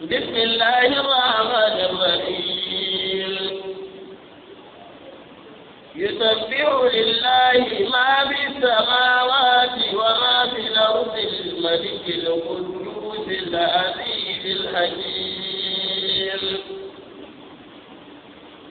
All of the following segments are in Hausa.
بسم الله الرحمن الرحيم يسبح لله ما في السماوات وما في الأرض الملك القدوس العزيز الحكيم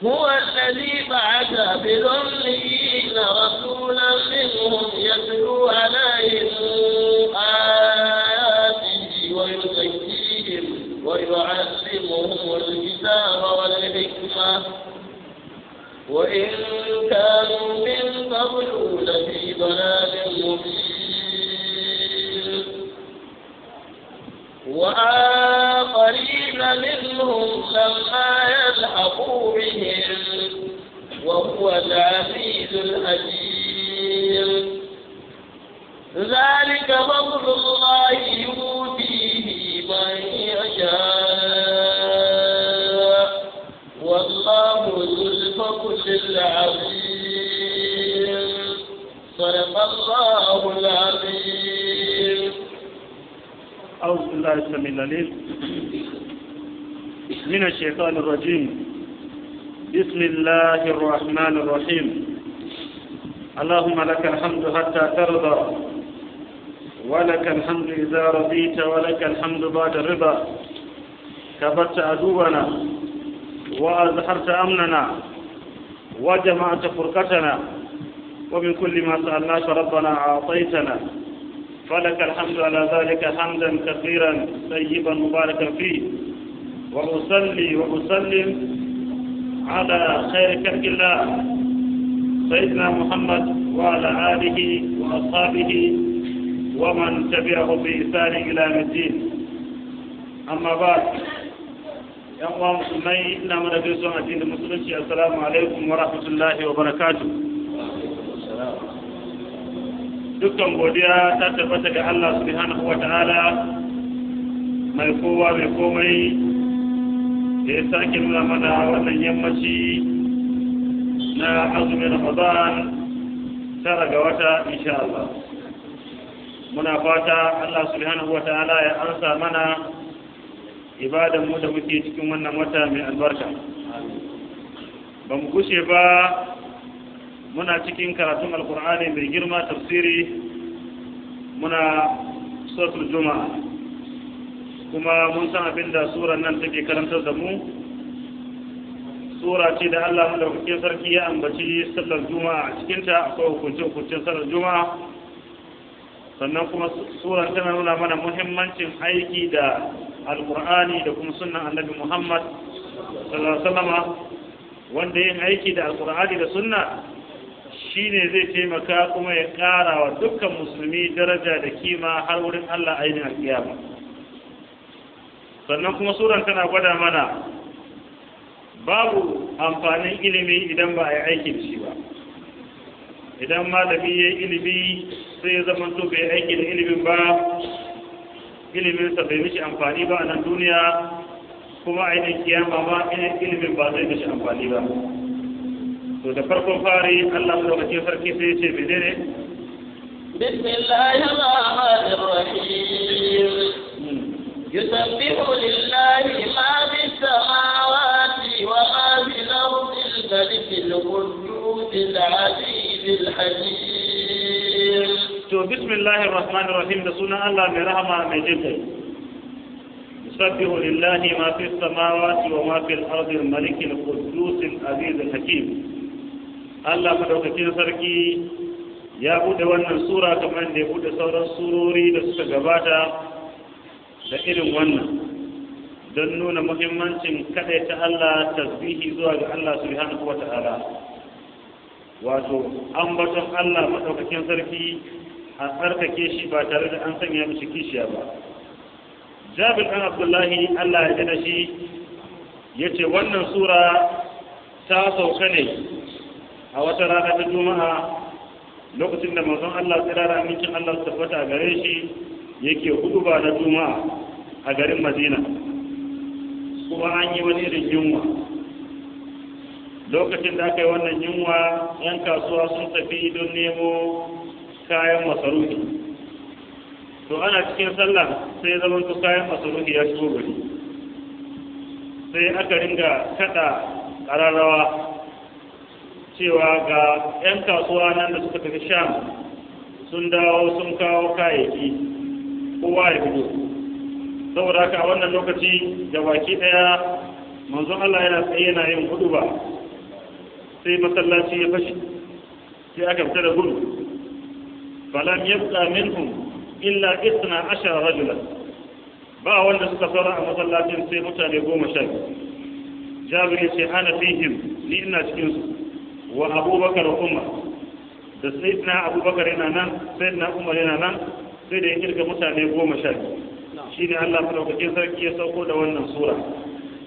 هو الذي بعث بذريين رسولا منهم يتلو عليهم آياته ويزكيهم ويعلمهم الكتاب والحكمة وإن كانوا من قبل لفي ضلال مبين وآخرين منهم لما يلحقوا بهم وهو العزيز الحكيم ذلك فضل الله يؤتيه من يشاء والله ذو الفضل العظيم صدق الله العظيم أعوذ بالله السميع العليم من الشيطان الرجيم بسم الله الرحمن الرحيم اللهم لك الحمد حتى ترضى ولك الحمد إذا رضيت ولك الحمد بعد الرضا كبرت عدونا وأزهرت أمننا وجمعت فرقتنا ومن كل ما سألناك ربنا أعطيتنا فلك الحمد على ذلك حمدا كثيرا طيبا مباركا فيه وأصلي وأسلم على خير خلق الله سيدنا محمد وعلى آله وأصحابه ومن تبعه بإحسان إلى الدين أما بعد ‘yan uwa musulmai ina mana gaisuwa addinin musulunci assalamu alaikum wa rahmatullahi wa barakatuh dukkan godiya ta tabbata ga Allah subhanahu wa ta'ala mai kowa mai komai da ya sake nuna mana wannan yammaci na azumin Ramadan tara ga wata insha Allah muna fata Allah subhanahu wa ta'ala ya ansa mana ibadan mu da muke cikin wannan wata mai albarka ba mu kushe ba muna cikin karatun alkur'ani mai girma tafsiri muna sautar juma'a kuma mun san abin da surar nan take karantar da mu sura ce da Allah madaukakin sarki ya ambaci sallar juma'a a cikinta akwai hukuncin hukuncin sallar juma'a sannan kuma surar tana nuna mana muhimmancin aiki da alkur'ani da kuma sunan annabi muhammad sallallahu alaihi wanda yin aiki da alkur'ani da sunna Shi ne zai taimaka kuma ya ƙara wa dukkan musulmi daraja da kima har wurin Allah ainihin alƙiyama sannan kuma suran tana gwada mana babu amfanin ilimi idan ba a yi aikin shi ba idan malami ya yi ilimi sai ya zama to bai aiki da ilimin ba ilimin sa bai mishi amfani ba a nan duniya kuma ainihin kiyama ma ilimin ba zai mishi amfani ba تو دفر بخاري الله سبحانه وتعالى بسم الله الرحمن الرحيم يسبح لله ما في السماوات وما في الأرض الملك القدوس العزيز الحكيم تو بسم الله الرحمن الرحيم دسونا الله من رحمة من جبه يسبح لله ما في السماوات وما في الأرض الملك القدوس العزيز الحكيم Allah madaukakin sarki ya bude wannan sura kamar da ya bude sauran surori da suka gabata da irin wannan don nuna muhimmancin ta Allah tasbihi zuwa ga Allah subhanahu wa ta'ala wato ambaton Allah madaukakin sarki a tsarkake shi ba tare da an sanya mishi kishiya ba jabir ɗan abdullahi Allah ya gina shi ya ce wannan sura ta sauka ne a wata rana ta juma'a lokacin da manzon Allah tsira da amincin Allah su tabbata gare shi yake huduba na juma'a a garin Madina kuma an yi wani irin yunwa lokacin da aka yi wannan yunwa yan kasuwa sun tafi don nemo kayan masarufi to ana cikin sallah sai zaman su kayan masarufi ya shigo gari sai aka ringa kada ƙararrawa cewa ga 'yan kasuwa nan da suka tafi sham sun dawo sun kawo kayayyaki kowa ya fito saboda haka a wannan lokaci da baki ɗaya manzon Allah yana tsaye yana yin hudu ba sai masallaci ya fashi sai aka fita da gudu falam yabqa minhum illa isna ashara rajula ba wanda suka saura a masallacin sai mutane goma sha biyu jabiri sai ana fihim ni ina cikin su wa abubakar umar da sayyidina abubakar yana nan sayyidina umar yana nan sai da ya kirga mutane goma sha shi ne allah madaukakin sarki ya sauko da wannan sura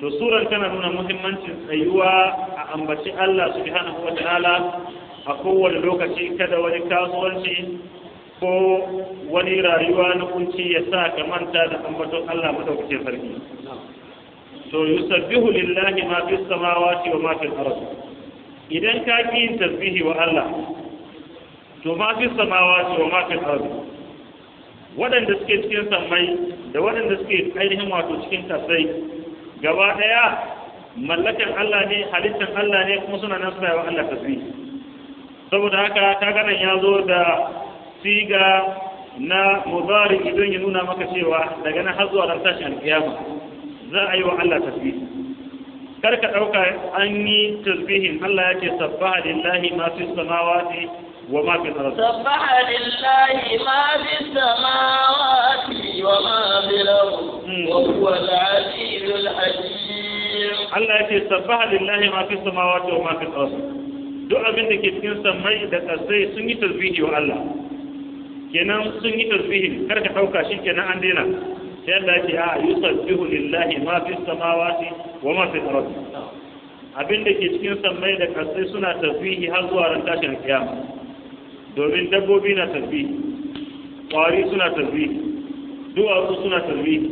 to suran tana nuna muhimmancin tsayuwa a ambaci allah subhanahu wa ta'ala a kowane lokaci kada wani kasuwanci ko wani rayuwa na kunci ya sa ka manta da ambaton Allah madaukakin sarki to yusabbihu lillahi ma fis samawati wa ma fil idan ka ki yin tasbihi wa Allah to ma fi samawa to ma fi ardi waɗanda suke cikin samai, da waɗanda suke ainihin wato cikin kasai gaba ɗaya mallakan Allah ne halittan Allah ne kuma suna nan suna wa Allah tasbihi saboda haka ka ganin ya zo da siga na mudari idan ya nuna maka cewa daga nan har zuwa ran tashin alƙiyama za a yi wa Allah tasbihi kar ka ɗauka an yi tasbihin Allah ya ce sabbaha lillahi ma fi samawati wa ma fi al-ard sabbaha lillahi ma fi samawati wa ma fi al-ard hmm. wa huwa al-azizul hakim Allah ya ce sabbaha lillahi ma fi samawati wa ma fi al-ard duk abin da ke cikin samai da kasai sun yi tasbihi wa Allah kenan sun yi tasbihin kar ka ɗauka shi kenan an daina sai Allah ce a yusabbihu lillahi ma fi samawati wa ma fi ardi abin da ke cikin sammai da kasai suna tasbihi har zuwa ran tashin kiyama domin dabbobi na tasbihi kwari suna tasbihi duwatsu suna tasbihi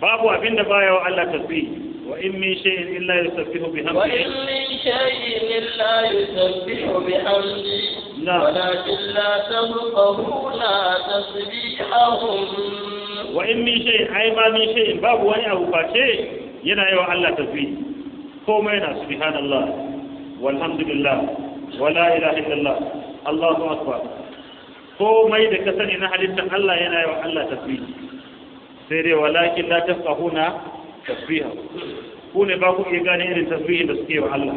babu abin da baya wa Allah tasbihi وإن من شيء إلا يسبح بحمده وإن من شيء إلا يسبح بحمده نعم ولكن لا تفقهون تسبيحهم وإن من شيء أي ما من شيء باب وأي أو فاشي ينا يو الله تسبيح كومينا سبحان الله والحمد لله ولا إله إلا الله الله أكبر komai da ka sani na halittar Allah yana yi wa Allah tasbih sai dai walakin la tafqahuna tasbiha ku ne ba ku iya gane irin tasbihin da suke wa Allah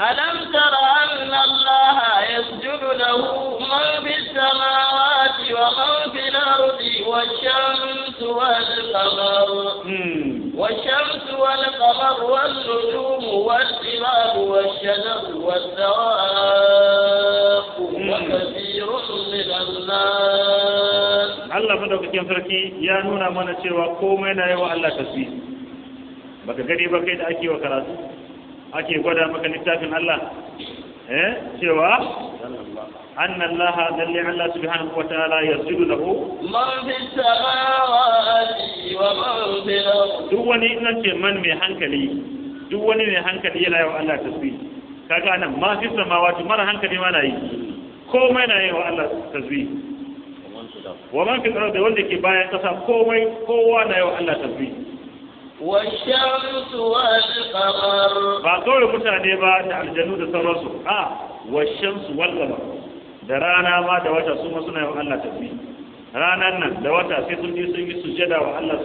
alam tara anna Allah yasjudu lahu man fis samawati wa man fil ardi wash-shamsu wal-qamar wash-shamsu wal-qamar wan-nujum wal-jibal wash-shajar was-sawab wa hmm. hmm. kathirun min an-nas Allah madaukakin sarki ya nuna mana cewa komai na yawa Allah tasbih baka gani ba kai da ake wa karatu ake gwada maka littafin Allah eh cewa anna Allah dalli Allah subhanahu wa ta'ala yasjudu lahu man fi samawati wa man fi ardi duk wani ina ce man mai hankali duk wani mai hankali yana yawa Allah tasbih kaga nan ma fi samawati mara hankali ma na yi komai na yawa Allah tasbih wa man fi ardi wanda ke bayan kasa komai kowa na yawa Allah tasbih والشمس والقمر ba kawai mutane ba da aljanu da sauransu a washamsu walqamar da rana ma da wata رانا ma suna Allah tafi ranar nan da wata sai sun je sun yi wa Allah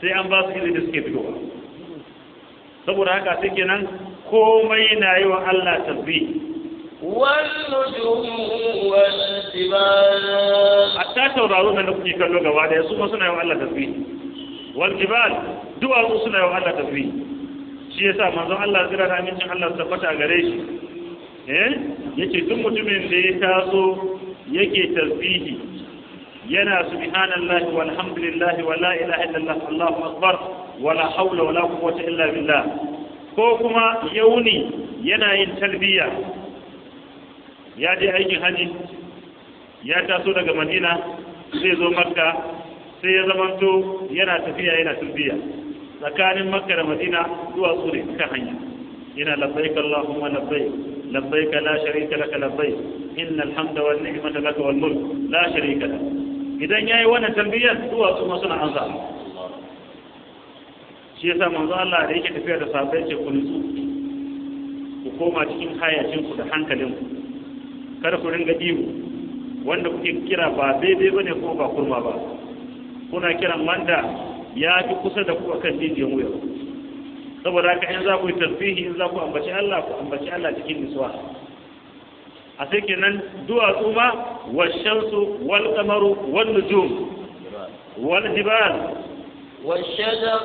sai an ba su izini da suke fitowa saboda haka sai kenan komai na yi wa Allah والنجوم والجبال حتى تورارون da kuke kallo gaba da su ma suna Allah tabbi. wal jibal duwatsu suna yawan Allah tafi shi yasa manzon Allah zira da amincin Allah fata gare shi eh yace duk mutumin da ya taso yake tasbihi yana subhanallahi walhamdulillahi la ilaha illallah Allahu akbar wala hawla wala quwwata illa billah ko kuma yauni yana yin talbiya ya je aikin haji ya taso daga Madina zai zo Makka sai ya zama to yana tafiya yana turbiya tsakanin makka da madina zuwa tsure ta hanya yana labbaik allahumma labbaik labbaik la sharika laka labbaik innal hamda wan ni'mata laka wal mulk la sharika lak idan yayi wannan tambiyar zuwa tsuma suna ansa shi yasa manzo Allah da yake tafiya da sabai ce ku nutsu ku koma cikin hayacin ku da hankalin ku kada ku ringa ihu wanda kuke kira ba daidai bane ko ba kurma ba kuna kiran wanda ya fi kusa da ku kan jijiyan wuya saboda haka in za ku yi tasbihi in za ku ambaci Allah ku ambaci Allah cikin nisuwa a sai kenan duwatsu ma washansu wal kamaru wal nujum wal jibal والشجر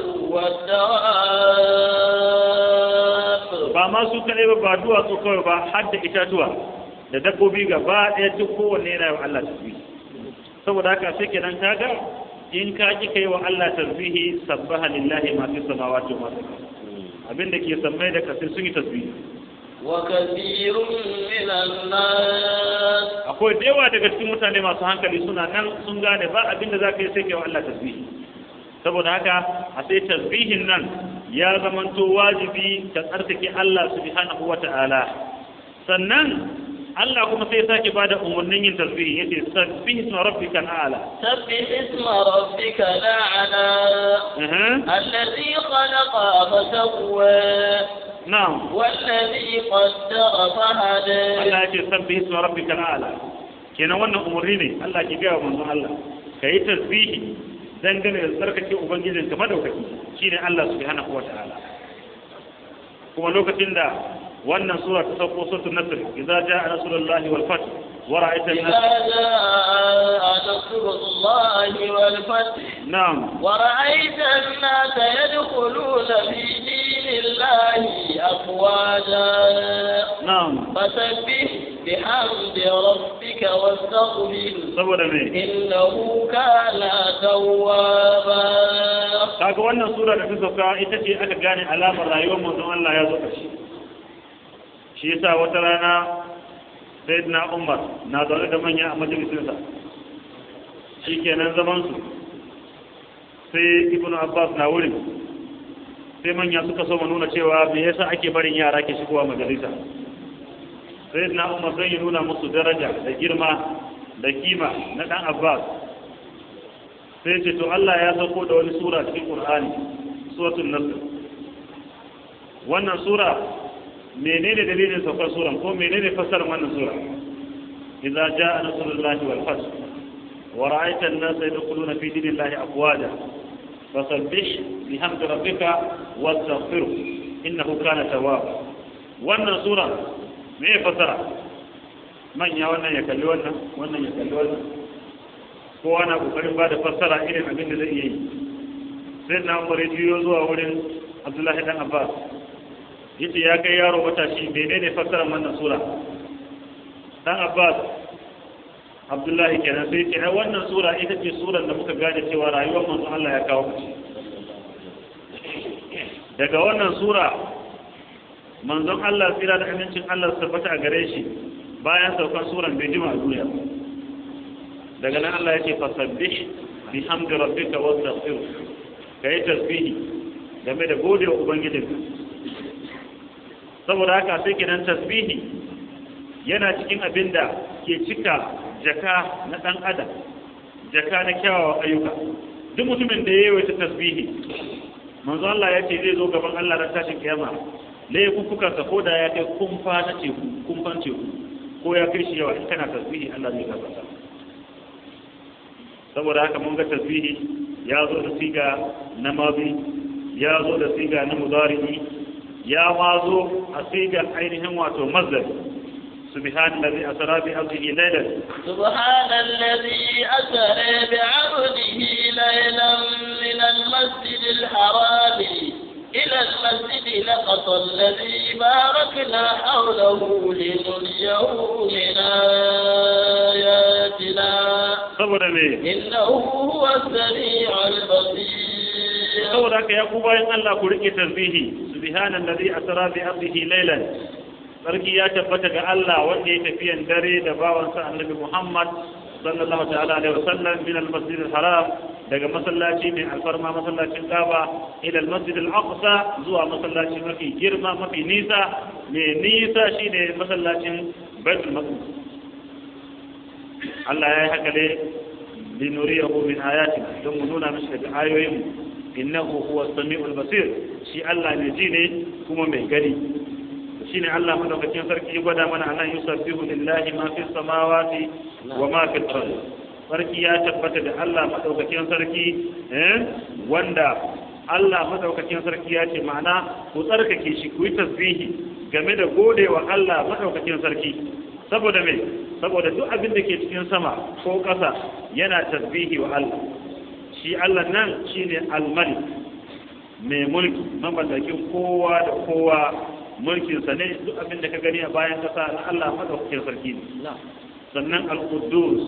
ba ma su kadai ba ba duwatsu kawai ba har da itatuwa da dabbobi gaba ɗaya duk kowanne yana wa Allah tasbihi saboda haka sai kenan ga in ka ki kai wa Allah tasbihi sabbaha lillahi ma fi samawati wa abin da ke sammai da kafin sun yi tasbihi wa kathirun min an-nas akwai da yawa daga cikin mutane masu hankali suna nan sun gane ba abin da zaka yi sai kai wa Allah tasbihi saboda haka a sai tasbihin nan ya zamanto wajibi ka tsarkake Allah subhanahu wa ta'ala sannan Allah kuma sai ya sake bada umarnin yin tasbihi ya yace sabbih isma rabbika al'ala sabbih isma rabbika al'ala alladhi khalaqa fa sawwa na'am wallazi qaddara fa hada Allah yace sabbih isma rabbika ala. kenan wannan umarni ne Allah ki gaya wa manzon Allah kai tasbihi dangane da tsarkake ubangijinka madaukaki shine Allah subhanahu wa ta'ala kuma lokacin da وأن سورة سوف سورة النصر إذا جاء رسول الله والفتح ورأيت الناس إذا جاء رسول الله والفتح نعم ورأيت الناس يدخلون في دين الله أفواجا نعم فسبح بحمد ربك واستغفر إنه كان توابا kaga wannan sura da ta sauka ita ce aka gane alamar rayuwar mutum Allah ya zo ƙarshe shi yasa wata rana sai na umar na zaune da manya a majalisinsa shi kenan zamansu sai ibn abbas na wurin sai manya suka so nuna cewa me yasa ake barin yara ke shigowa majalisa sai na umar zai ya nuna musu daraja da girma da kima na dan abbas sai ce to Allah ya sauko da wani sura cikin Qur'ani suratul nasr wannan sura menene dalilin saukar suran ko menene fasarar wannan sura idza jaa nasrullahi wal fath wa ra'aita an-nasa yadkhuluna fi dinillahi afwaja fasabbih bihamdi rabbika wastaghfir innahu kana tawwab wannan sura me fasara manya wannan ya kalli wannan wannan ya kalli wannan kowa na kokarin ba da fassara irin abin da zai yi sai na umar ya juyo zuwa wurin abdullahi dan abbas yace ya kai yaro matashi ne fassara wannan sura dan Abbas Abdullahi kenan sai ce wannan sura ita ce suran da muka gane cewa rayuwar manzo Allah ya kawo mu daga wannan sura manzon Allah tsira da amincin Allah su tabbata a gare shi bayan saukar suran bai jima a duniya daga nan Allah ya ce fasabbih bihamdi rabbika wastaghfir kai tasbihi game da gode wa ubangijinka saboda haka sai kenan tasbihi yana cikin abin da ke cika jaka na ɗan adam jaka na kyawawa ayyuka duk mutumin da ya yawaita tasbihi manzo Allah ya ce zai zo gaban Allah ran tashin kiyama laifukan sa ko da ya kai kumfa na teku kumfan teku ko ya kai shi yawa in kana tasbihi Allah zai gafarta saboda haka mun ga tasbihi ya zo da siga na mabi ya zo da siga na mudari'i ya ma أصيبا عينهم واتوا مزل سبحان الذي أسرى بعبده ليلا سبحان الذي أسرى بعبده ليلا من المسجد الحرام إلى المسجد الأقصى الذي باركنا حوله لنريه من آياتنا إنه هو السميع البصير saboda haka ya ku bayan Allah ku rike tasbihi subhanallazi asra bi ardihi laylan sarki ya tabbata ga Allah wanda ya tafiyan dare da bawan sa annabi Muhammad sallallahu ta'ala alaihi wasallam min al-masjid al-haram daga masallaci mai alfarma masallacin Kaaba ila al-masjid al-aqsa zuwa masallaci mafi girma mafi nisa mai nisa shine masallacin Baitul Maqdis Allah ya yi haka ne linuriyahu min ayatina don mu nuna mishi daga ayoyinmu innahu huwa samiul basir shi Allah ne ji ne kuma mai gani shine Allah madaukakin sarki ya gwada mana anan yusabbihu lillahi ma fi samawati wa ma fil ard sarki ya tabbata da Allah madaukakin sarki eh wanda Allah madaukakin sarki ya ce ma'ana ku tsarkake shi ku yi tasbihi game da godewa Allah madaukakin sarki saboda me saboda duk abin da ke cikin sama ko ƙasa yana tasbihi wa Allah shi Allah nan shine al almalik mai mulki mamatakin kowa da kowa mulkin ne duk abin da ka gani a bayan kasa na Allah madaukakin sarki ne sannan al-quddus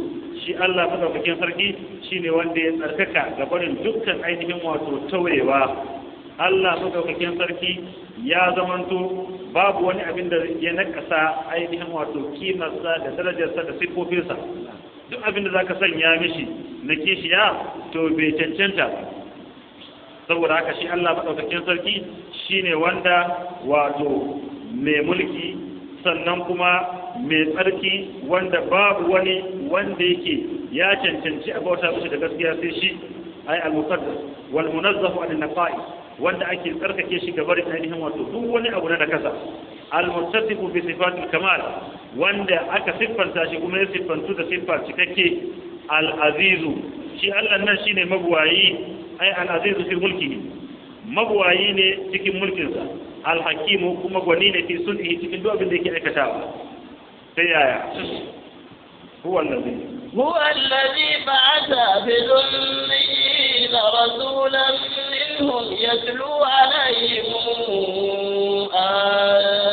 shi Allah madaukakin sarki shi ne wanda ya tsarkaka ga barin dukkan ainihin wato taurewa Allah madaukakin sarki ya zamanto babu wani abin da ya nakasa ainihin wato kimarsa da darajarsa da sifofinsa duk abin da zaka sanya mishi na kishiya to bai cancanta saboda haka shi Allah madaukakin sarki shine wanda wato mai mulki sannan kuma mai tsarki wanda babu wani wanda yake ya cancanci a bauta mishi da gaskiya sai shi ai al-muqaddas wal munazzahu an naqai wanda ake tsarkake shi gabar ainihin wato duk wani abu na da kasa almuttasifu bi sifatil kamal wanda aka siffanta shi kuma ya siffantu da siffa cikakke al-azizu shi Allah nan shine mabuwayi ai al-azizu fi mulkihi mabuwayi ne cikin mulkinsa al-hakimu kuma gwani ne fi sulhi cikin duk abin da yake aikatawa sai yaya huwa allazi huwa allazi ba'atha bi dhulmihi rasulan minhum yatlu alayhim آه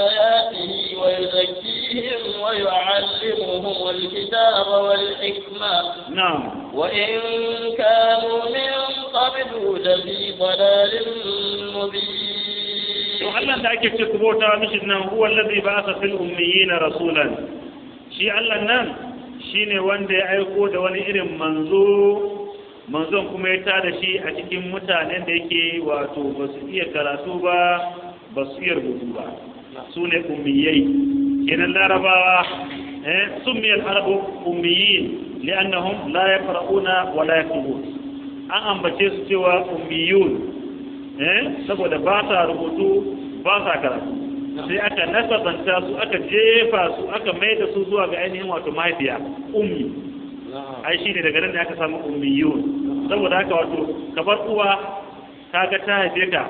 بهم ويعلمهم الكتاب والحكمة نعم وإن كانوا من قبل لفي ضلال مبين وهل أنت تكبوتا مش هو الذي بعث في الأميين رسولا شيء ألا النام shine wanda ya aiko da wani irin manzo manzon kuma ya tada shi a cikin mutanen da su ne ummiyai kenan larabawa سمي العرب أميين la yaqra'una wa la يكتبون an ambace su cewa ummiyun eh saboda ba sa rubutu ba sa karatu sai aka nasabanta su aka jefa su aka mai da su zuwa ga ainihin wato mafiya ummi ai shi ne daga nan da aka samu ummiyun saboda haka wato kabar uwa kaga ta haife ka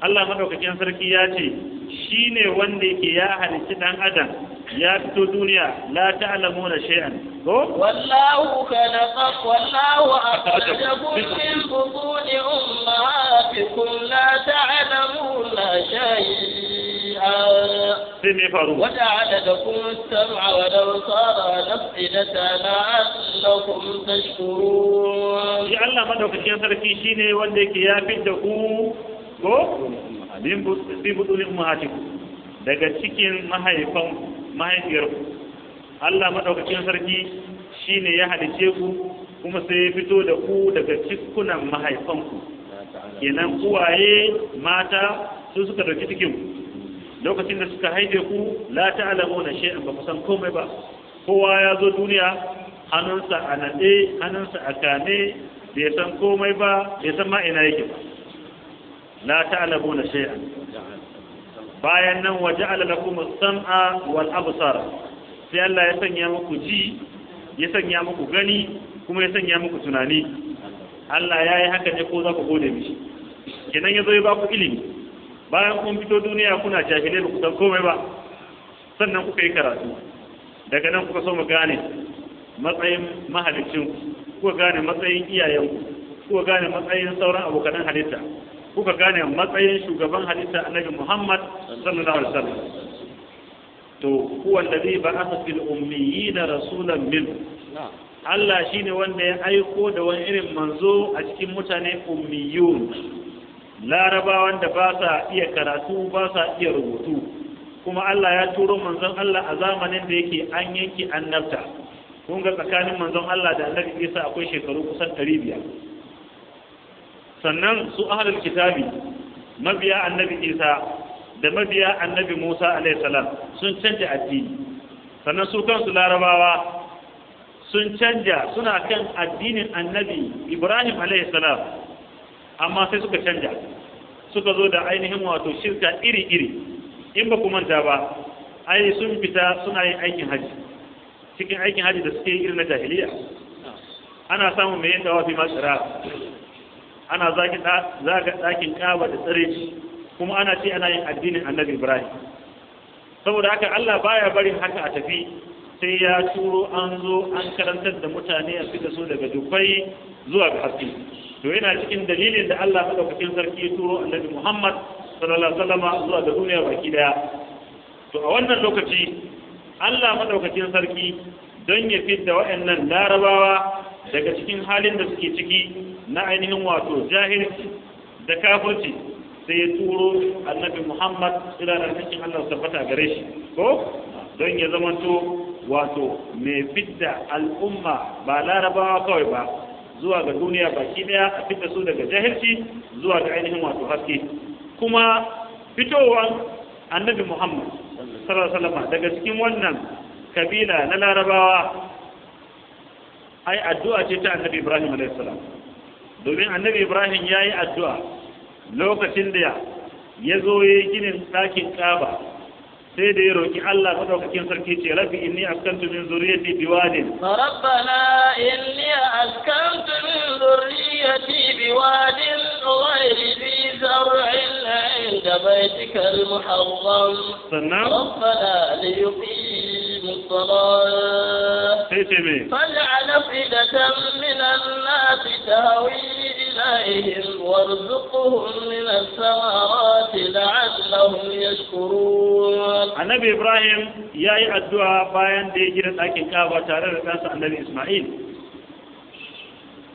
Allah madaukakin sarki ya ce shi ne wanda yake ya halici dan adam ya fito duniya la ta'lamuna shay'an ko wallahu khalaqak wallahu akhrajakum min butuni ummahatikum la ta'lamuna shay'an na لكم السمع ta والأفئدة لعلكم Allah يا الله ما دوك كيف تركي شيني ودك يا ku. ko bi butuni daga cikin mahaifan mahaifiyar Allah madaukakin sarki shine ya halice ku kuma sai ya fito da ku daga mahaifan mahaifanku kenan uwaye mata su suka dauki cikin ku. lokacin da suka haife ku la na shay'an ba kusan komai ba kowa ya zo duniya hannunsa a naɗe hannunsa a kame bai san komai ba bai san ma ina yake ba la ta'lamuna shay'an bayan nan waje lakum as-sam'a wal absar sai Allah ya sanya muku ji ya sanya muku gani kuma ya sanya muku tunani Allah ya yi haka ne ko za ku gode mishi kenan ya zo ya ba ku ilimi bayan kun fito duniya kuna jahilai ba ku san komai ba sannan kuka yi karatu daga nan kuka so mu gane matsayin mahalicin kuka gane matsayin iyayenku kuka gane matsayin sauran abokan halitta kuka gane matsayin shugaban halitta annabi Muhammad sallallahu alaihi wasallam to huwa alladhi ba'atha fil ummiyina rasulan min Allah shine wanda ya aiko da wani irin manzo a cikin mutane ummiyun larabawan da ba sa iya karatu ba sa iya rubutu kuma Allah ya turo manzon Allah a zamanin da yake an yanki annabta kun ga tsakanin manzon Allah da annabi Isa akwai shekaru kusan 500 sannan su ahalar kitabi mabiya annabi isa da mabiya annabi musa salam sun canja addini sannan su kansu larabawa sun canja suna kan addinin annabi ibrahim alaihi salam amma sai suka canja suka zo da ainihin wato shirka iri-iri in ba ku manta ba ai sun fita suna yin aikin haji cikin aikin haji da suke yi irin na jahiliya ana samun mai yadda wafi masu ana zaki zaga dakin kaba da tsare shi kuma ana ce ana yin addinin annabi ibrahim saboda haka allah baya bari haka a tafi sai ya turo an zo an karantar da mutane a fita so daga dufai zuwa ga haske to yana cikin dalilin da allah maɗaukakin sarki ya turo annabi muhammad sallallahu alaihi wasallam zuwa ga duniya baki daya to a wannan lokaci allah maɗaukacin sarki don ya fidda waɗannan larabawa daga cikin halin da suke ciki na ainihin wato jahilci da kafirci sai ya turo annabi Muhammad ila da cikin Allah tabbata gare shi ko don ya zamanto wato mai fidda al'umma ba larabawa kawai ba zuwa ga duniya baki daya a fidda su daga jahilci zuwa ga ainihin wato haske kuma fitowar annabi Muhammad sallallahu alaihi wasallam daga cikin wannan kabila na larabawa ai addu'a ce ta annabi Ibrahim alaihi salam domin annabi ibrahim yayi addu'a lokacin da ya zo yayi ginin ɗakin kaba sai da ya roki Allah ta dauka kin sarki ce rabbi inni askantu min zuriyati biwadin rabbana inni askantu min zuriyati biwadin ghayri bi zar'in 'inda baytikal muharram sannan rabbana liyuqim الصلاة إيه فاجعل أفئدة من الناس تهوي إليهم وارزقهم من الثمرات لعلهم يشكرون النبي إبراهيم يا الدعاء باين دي جرت أكين كابا تاريخ النبي إسماعيل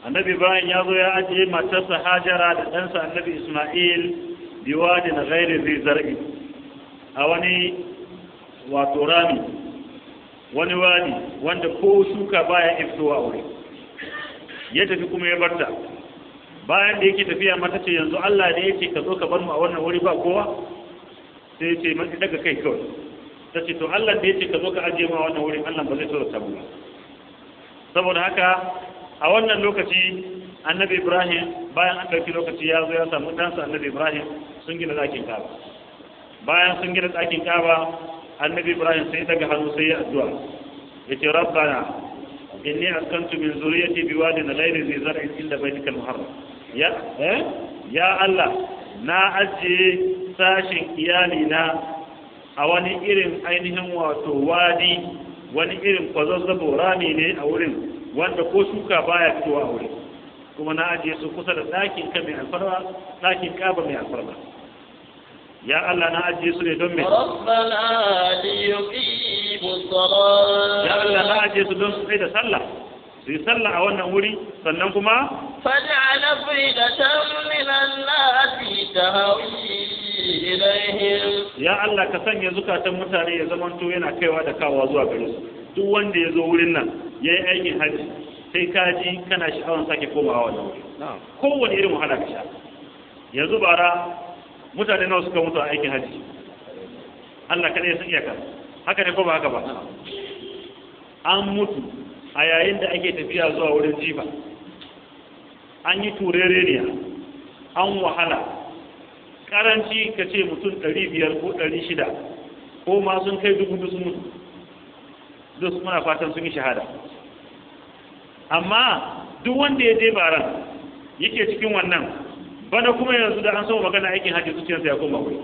النبي إبراهيم ya zo أجي ما matarsa hajara da ɗansa annabi isma'il biwadin ghairi zai zar'i a wani wani wani wanda ko shuka baya iftowa wuri ya tafi kuma ya barta bayan da yake tafiya mata ce yanzu Allah ne yake ka zo ka bar mu a wannan wuri ba kowa sai ce mai daga kai kawai ta ce to Allah da yake ka zo ka aje mu a wannan wuri Allah ba zai tsoro ta mu saboda haka a wannan lokaci annabi Ibrahim bayan an dauki lokaci ya zo ya samu ɗansa annabi Ibrahim sun gina dakin kaba bayan sun gina dakin kaba annabi ibrahim sai daga hannu sai ya addu'a yace rabbana inni askantu min zuriyati biwadin ghairi zai zar'in illa baitikal muharram ya eh ya allah na ajiye sashin iyali na a wani irin ainihin wato wadi wani irin kwazazzabo rami ne a wurin wanda ko shuka baya fitowa a wurin kuma na ajiye su kusa da ɗakin ka mai alfarma ɗakin ƙaba mai alfarma ya Allah na ajiye su ne don me ya Allah na ajiye su don su kai da sallah su yi sallah a wannan wuri sannan kuma a afidatan min an-nasi tahawi ilaihim ya Allah ka sanya zukatan mutane ya zamanto yana kaiwa da kawo zuwa gare su duk wanda ya zo wurin nan ya yi aikin hajji sai ka ji kana sha'awar sake komawa wannan wuri kowane irin wahala ka sha yanzu bara mutane nawa suka mutu a aikin hajji? Allah kada ya san iyaka haka ne ko ba haka ba an mutu a yayin da ake tafiya zuwa wurin jifa an yi turereniya an wahala karanci ka ce mutum 500 ko 600 ko ma sun kai dubu sun mutu duk muna fatan sun yi shahada amma duk wanda ya je baran yake cikin wannan bana kuma yanzu da an so magana aikin hajji zuciyarsa ya koma wuri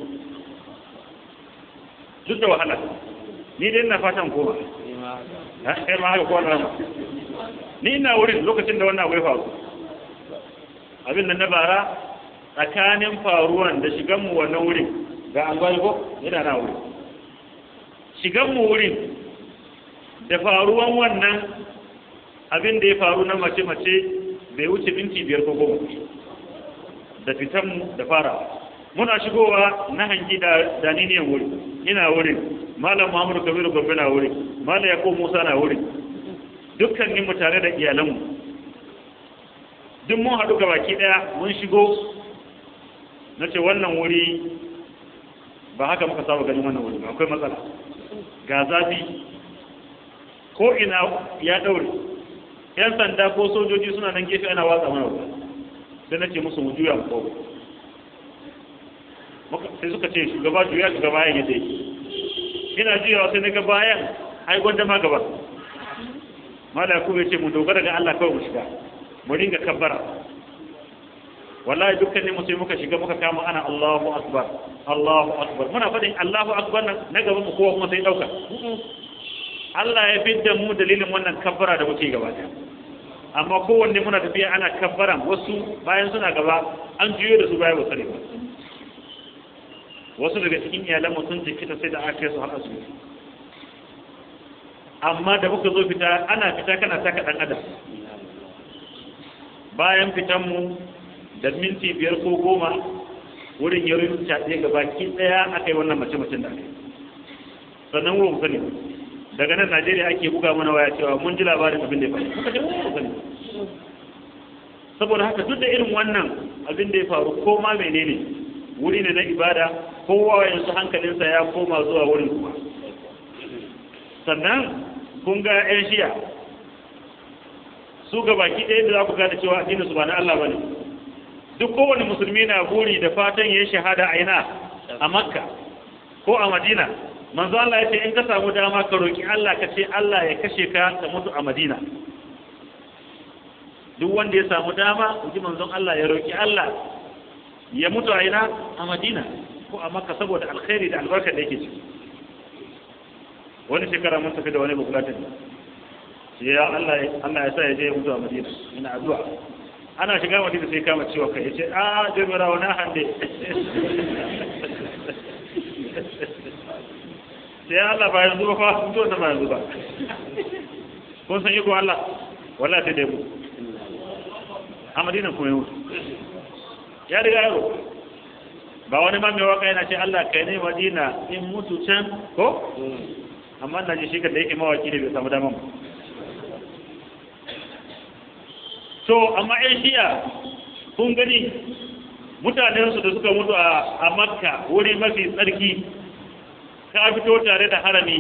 duk da wahala ni dai ina fatan koma eh ma haka kowa rama ni ina wurin lokacin da wannan abu ya faru abin nan na bara tsakanin faruwan da shigan mu wannan wurin ga an gwani ko yana na wurin shigan mu wurin da faruwan wannan abin da ya faru na mace-mace bai wuce minti biyar ko goma da fitanmu da fara muna shigowa na hangi da daniniyan wuri ina wurin malam muhammadu kabiru gobe na wurin malam yakubu musa na wurin dukkan ni tare da iyalanmu duk mun haɗu baki ɗaya mun shigo na ce wannan wuri ba haka muka saba ganin wannan wuri ba akwai matsala ga zafi ko ina ya ɗaure 'yan sanda ko sojoji suna nan gefe ana watsa mana wuri sai nace musu mu juya mu koma sai suka ce shugaba juya ga bayan yadda yake ina juya sai na ga bayan ai gwanda ma gaba mala ku ya ce mu dogara ga Allah kawai mu shiga mu ringa kabbara wallahi dukkanin mu sai muka shiga muka kama ana Allahu akbar Allahu akbar muna fadin Allahu akbar nan na gaba mu kowa kuma sai dauka Allah ya fidda mu dalilin wannan kabbara da muke gaba daya amma kowanne muna tafiya ana kabbara wasu bayan suna gaba an juyo da su baya wasu ne wasu daga cikin iyalan mu sun jikita sai da aka su haka su amma da muka zo fita ana fita kana saka dan adam bayan fitan mu da minti biyar ko goma wurin ya rinta gaba ki ɗaya akai wannan mace-macen da aka sannan wurin sani daga nan najeriya ake buga mana waya cewa mun ji labarin abin da ya faru saboda haka duk da irin wannan abin da ya faru ko ma menene wuri ne na ibada kowa yanzu hankalinsa ya koma zuwa wurin kuma sannan kun ga yan shiya su ga baki ɗaya da za ku da cewa addinin su ba na Allah bane duk kowane musulmi na buri da fatan ya shahada a ina a makka ko a madina manzo Allah ya ce in ka samu dama ka roki Allah ka ce Allah ya kashe ka ka mutu a Madina duk wanda ya samu dama ji manzon Allah ya roki Allah ya mutu a ina a Madina ko a Makka saboda alkhairi da albarka da yake ci wani shekara mun tafi da wani bukulatin sai ya Allah Allah ya sa ya je ya mutu a Madina ina addu'a ana shiga Madina sai kama ciwo kai ya ce a ah, jami'a na hande sai Allah ba yanzu ba fa to ta ba yanzu ba kun san iko Allah wallahi sai dai mu a madinan kuma yau ya riga yaro ba wani ma mai waka yana ce Allah kai ne madina in mutu can ko amma na ji shi ka da yake mawaki da bai samu daman ba to amma ƴan shi'a kun gani mutanen su da suka mutu a makka wuri mafi tsarki ka fito tare da harami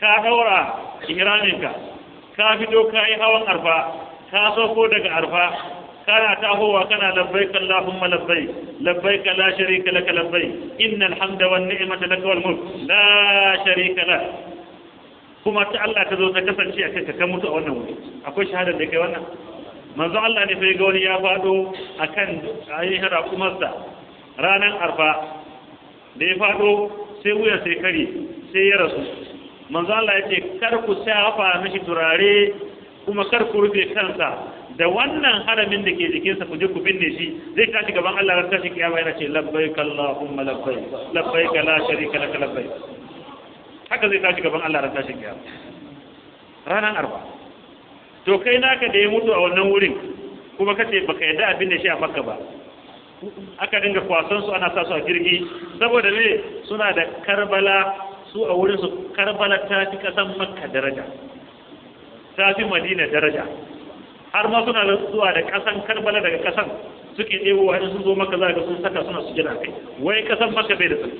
ka haura ihraminka ka fito ka yi hawan arfa ka sauko daga arfa kana tahowa kana labbaik allahumma labbaik labbaik la sharika laka labbaik innal hamda wan ni'mata laka wal mulk la sharika la kuma ta Allah ta zo ta kasance a kanka ka mutu a wannan wuri akwai shahada da kai wannan manzo Allah ne sai ga wani ya fado akan ayi hada kumarsa ranan arfa da ya fado sai wuya sai kare sai ya rasu manzo Allah ya ce kar ku shafa mishi turare kuma kar ku rufe kansa da wannan haramin da ke sa ku je ku binne shi zai tashi gaban Allah ran tashi kiyama yana ce labbaik Allahumma labbaik labbaik la sharika lak labbaik haka zai tashi gaban Allah ran tashi kiyama ranan arba to kai naka da ya mutu a wannan wurin kuma kace baka yadda abin da shi a Makka ba aka dinga kwasan su ana sa su a jirgi saboda ne suna da karbala su a wurin su karbala ta fi kasan makka daraja ta fi madina daraja har ma suna zuwa da kasan karbala daga kasan suke ɗebo wa sun zo maka za ga sun saka suna su jira kai wai kasan maka bai da sarki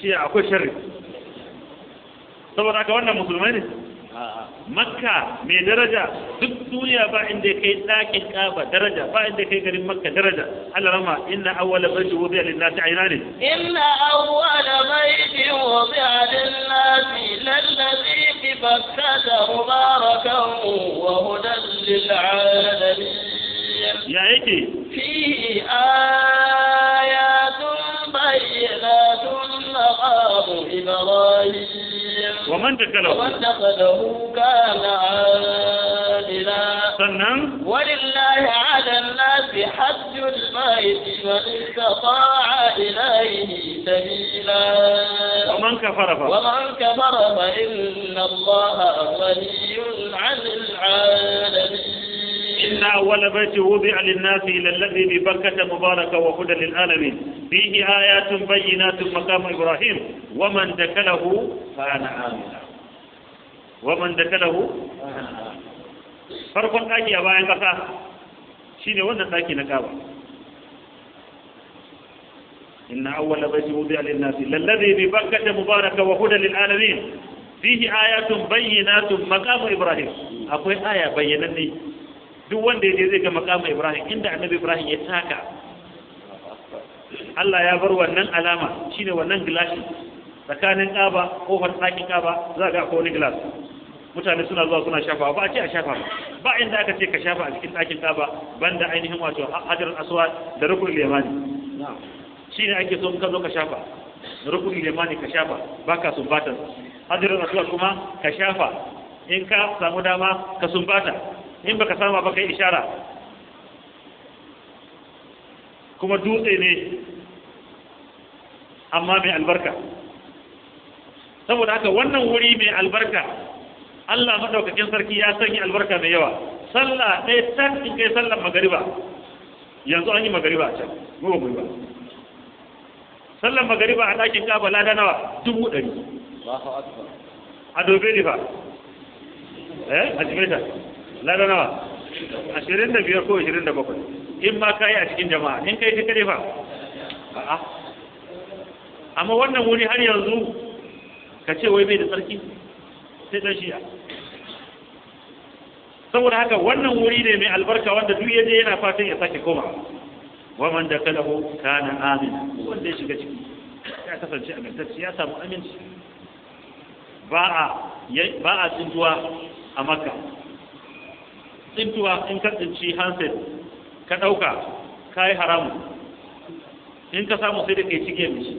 shi akwai sharri saboda haka wannan musulmai ne makka mai daraja duk duniya ba inda kai ɗakin kaba daraja ba inda kai garin makka daraja Allah rama inna awwala baiti wudi'a lin-nasi aynani inna awwala baiti wudi'a lin-nasi lalladhi bi bakkata mubarakan wa hudan lil-alamin ya yake fihi ayatun bayyinatun maqamu ibrahim ومن دخله ومن دخله كان عادلا سنن ولله على الناس حج البيت من استطاع إليه سبيلا ومن كفر ومن كفر فإن الله غني عن العالمين إن أول بيت وضع للناس إلى الذي ببكة مباركة وهدى للعالمين فيه آيات بينات مقام إبراهيم ومن دكله فأنا آمنا ومن دكله فأنا آمنا farkon ɗaki a bayan ƙasa shine wannan ɗaki na kaba inna awwala baiti wudi'a lin-nasi lalladhi bi bakkata mubaraka wa hudan lil-alamin fihi ibrahim akwai aya bayyananne duk wanda ne zai ga makamu ibrahim inda annabi ibrahim ya taka Allah ya bar wannan alama shine wannan gilashi tsakanin ƙaba kofar ɗakin ƙaba za ga akwai wani gilas mutane suna zuwa suna shafa ba a ce a shafa ba ba inda aka ce ka shafa a cikin ɗakin ƙaba banda ainihin wato hajar aswa da rukun limani shine ake so ka zo ka shafa rukun limani ka shafa ba ka sumbata. hajar aswa kuma ka shafa in ka samu dama ka sumbata in baka sama ba kai ishara kuma dutse ne amma mai albarka saboda haka wannan wuri mai albarka Allah madaukakin sarki ya sanya albarka mai yawa sallah ɗaya tak in kai sallar magariba yanzu an yi magariba a can mu ba mu ba sallar magariba a ɗakin kaba lada nawa dubu ɗari a dobe ne fa eh a jimeta lada nawa ashirin da biyar ko ashirin da bakwai in ma ka yi a cikin jama'a in ka yi ta kare fa? a'a amma wannan wuri har yanzu ka ce wai bai da tsarki sai dan shi'a saboda haka wannan wuri ne mai albarka wanda duk yaje yana fatan ya sake koma wa man da ka na amin wanda ya shiga ciki ya kasance amintacci ya samu aminci ba a ba a tsintuwa a makka tsintuwa in ka tsinci handset ka ɗauka ka yi haramu in ka samu sai da ke cigiya mishi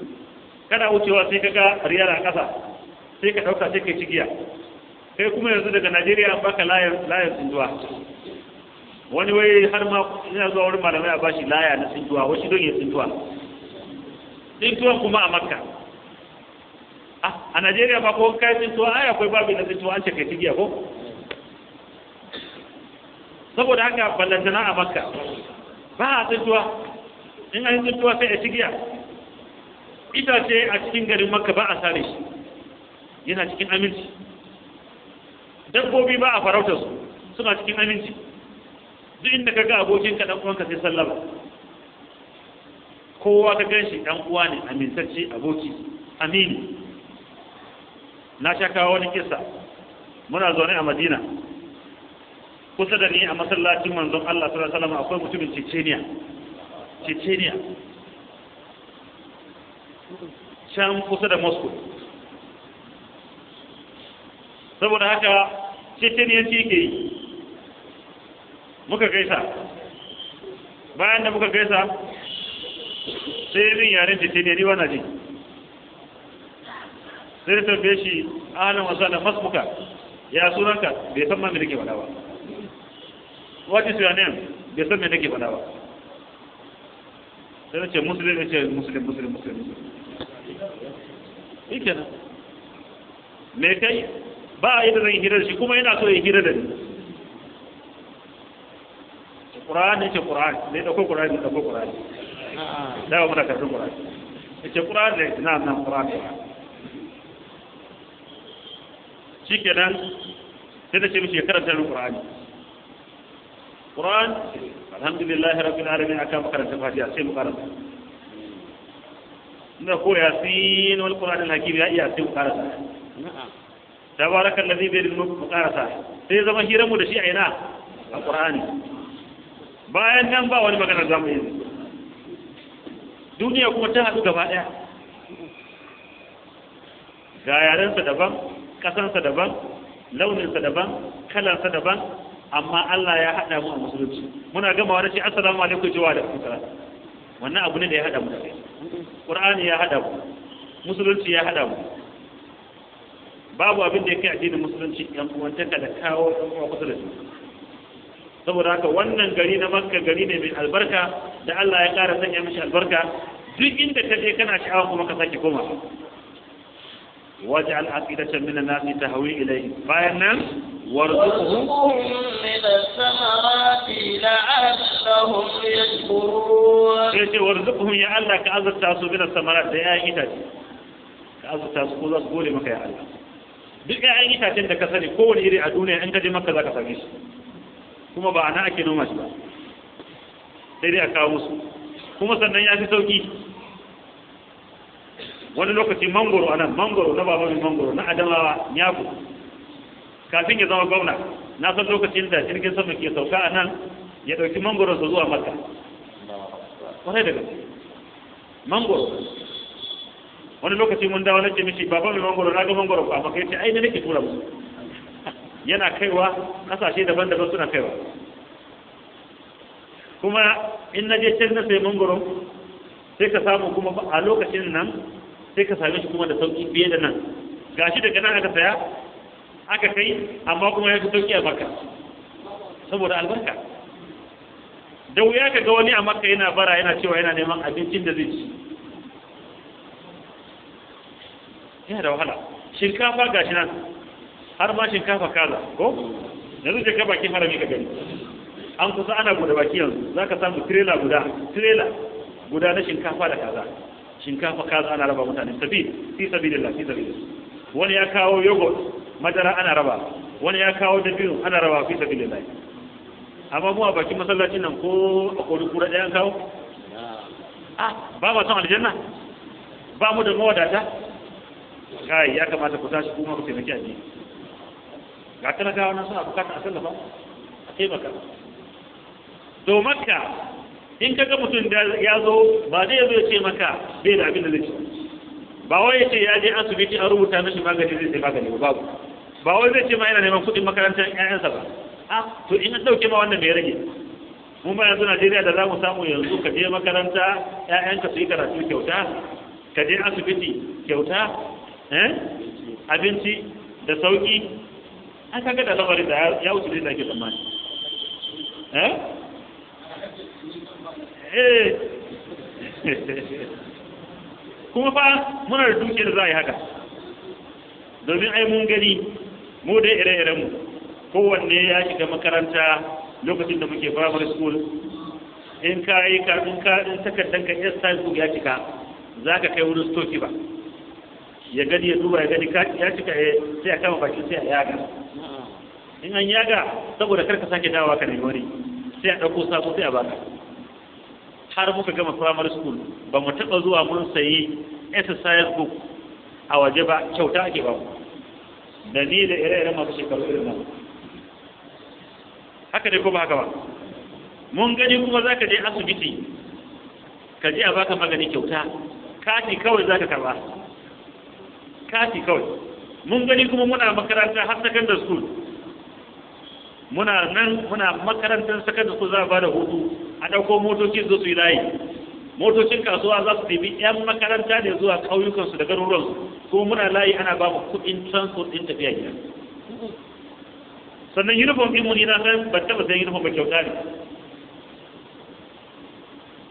kada wucewa sai ka ga riyar a ƙasa sai ka ɗauka sai ka cigiya kai kuma yanzu daga najeriya ba baka layar tsintuwa wani wai har ma ina zuwa wurin malamai a bashi laya na tsintuwa wasu don ya tsintuwa tsintuwa kuma a makka ah, a najeriya ba ko kai tsintuwa ai akwai babu na tsintuwa an ce kai cigiya ko saboda haka na a makka ba a tsintuwa in an tsintuwa sai a cigiya itace a cikin garin makka ba a sare shi yana cikin aminci dabbobi ba a farauta su suna cikin aminci duk inda ka ga abokin ka dan uwanka sai sallama kowa ka gan shi dan uwa ne amintacce aboki amini na sha kawo wani kisa muna zaune a madina kusa da ni a masallacin manzon Allah sallallahu alaihi wasallam akwai mutumin Chechenia Chechenia can kusa da Moscow saboda haka Chechenia ce ke yi muka gaisa bayan da muka gaisa sai min yaren Chechenia ni wani jin. sai ta tambaye shi wasa da masbuka ya sunanka bai san ma me nake faɗa ba what is your name bai san me nake faɗa ba sai ce musulun ya ce musulun musulun musulun shi kenan me kai ba a yi da zan hira da shi kuma yana so ya hira da ni Qur'ani ce Qur'ani ne dauko Qur'ani ne dauko Qur'ani dawo mana karatu Qur'ani ce Qur'ani ne na nan Qur'ani shikenan sai ta ce mishi karanta Qur'ani Quran alhamdulillah rabbil alamin aka makaranta Fatiha sai mu karanta ina ko yasin wal Qur'an al hakim ya iya sai mu karanta ladhi bi yadihi mu qarata sai zama hiranmu da shi a ina a qur'an bayan nan ba wani magana zamu yi duniya kuma ta hadu gaba daya ga yarensa daban ƙasansa daban launinsa daban kalansa daban amma Allah ya haɗa mu a musulunci muna gama wani shi assalamu alaikum jawa da kuka wannan abu ne da ya haɗa mu sai qur'ani ya haɗa mu musulunci ya haɗa mu babu abin da ya kai addinin musulunci yan uwantaka da kawo ɗan uwa kusa da su saboda haka wannan gari na makka gari ne mai albarka da Allah ya ƙara sanya mishi albarka duk inda ka je kana sha'awa kuma ka sake koma واجعل عقيدة من الناس تهوي إليه فإن وارزقهم من الثمرات لعلهم يشكرون يجي وارزقهم يا الله كأزر تاسو من الثمرات يا إيتاج كأزر تاسو كوزا قولي مكا يا الله duk ƴaƴan itacen da ka sani kowane iri a duniya in ka je maka za ka same shi kuma ba ana ake noma shi ba sai dai a wani lokaci mangoro a nan mangoro na babu mangoro na adamawa ku. kafin ya zama gwamna na san lokacin da jirgin sama ke sauka a nan ya ɗauki mangoro su zuwa makka kwarai daga mangoro wani lokaci mun dawo na ce mishi babu mai mangoro na ga mangoro ku amma kai ce ai ne nake tura mu yana kaiwa kasashe daban-daban suna kaiwa kuma in na je can na sai mangoro sai ka samu kuma a lokacin nan sai ka same shi kuma da sauki fiye da nan gashi daga nan aka saya aka kai amma kuma ya fi sauki a maka saboda albarka da wuya ka ga wani a maka yana bara yana cewa yana neman abincin da zai ci yana da wahala shinkafa gashi nan har ma shinkafa kaza ko yanzu je ka bakin harami ka gani an kusa ana guda baki yanzu za ka samu tirela guda tirela guda na shinkafa da kaza shinkafa kaza ana raba mutane sabi fi sabilillah fi sabilillah wani ya kawo yogurt madara ana raba wani ya kawo dabino ana raba fi sabilillah amma mu a bakin masallacin nan ko a kori kura ɗaya an kawo ah ba ma son aljanna ba mu da mawadata kai ya kamata ku tashi kuma ku taimaki addini ga talakawa nan suna bukatar a sallama a taimaka to makka in kaga mutum ya zo ba zai zo ya ce maka bai da abin da zai ce ba wai ya ce ya je asibiti an rubuta mishi magani zai sai magani ba babu ba wai zai ce ma yana neman kuɗin makarantar ƴaƴansa ba a to in an dauke ma wannan mai rage mun ba yanzu Najeriya da za mu samu yanzu ka je makaranta ƴaƴanka su yi karatu kyauta ka je asibiti kyauta eh abinci da sauki an kaga da lamarin da ya wuce da yake tsammani eh kuma fa muna da dukiyar za a yi haka domin ai mun gani mu da ire-irenmu kowanne ya shiga makaranta lokacin da muke primary school in ka yi karfin karin takardar ka iya sa ya cika za ka kai wurin stoki ba ya gani ya duba ya gani ya cika ya eh, sai a kama bakin sai a yaga in an yaga saboda karka sake dawowa ka nemi wani sai a ɗauko sabo sai a baka har muka gama primary school ba mu taɓa zuwa mun sayi exercise book a waje ba kyauta ake ba da ni da ire-iren masu shekaru irin nan haka ne ko ba haka ba mun gani kuma za ka je asibiti ka je a baka magani kyauta kati kawai za ka karba kati kawai mun gani kuma muna makaranta har secondary school muna nan muna makarantar secondary school za a ba da hutu a ɗauko motocin su yi layi motocin kasuwa za su ɗibi 'yan makaranta ne zuwa ƙauyukansu da garuruwansu ko muna layi ana ba mu kuɗin transport ɗin tafiya gida sannan uniform ɗin mu ni na san ban taɓa sayan uniform ba kyauta ne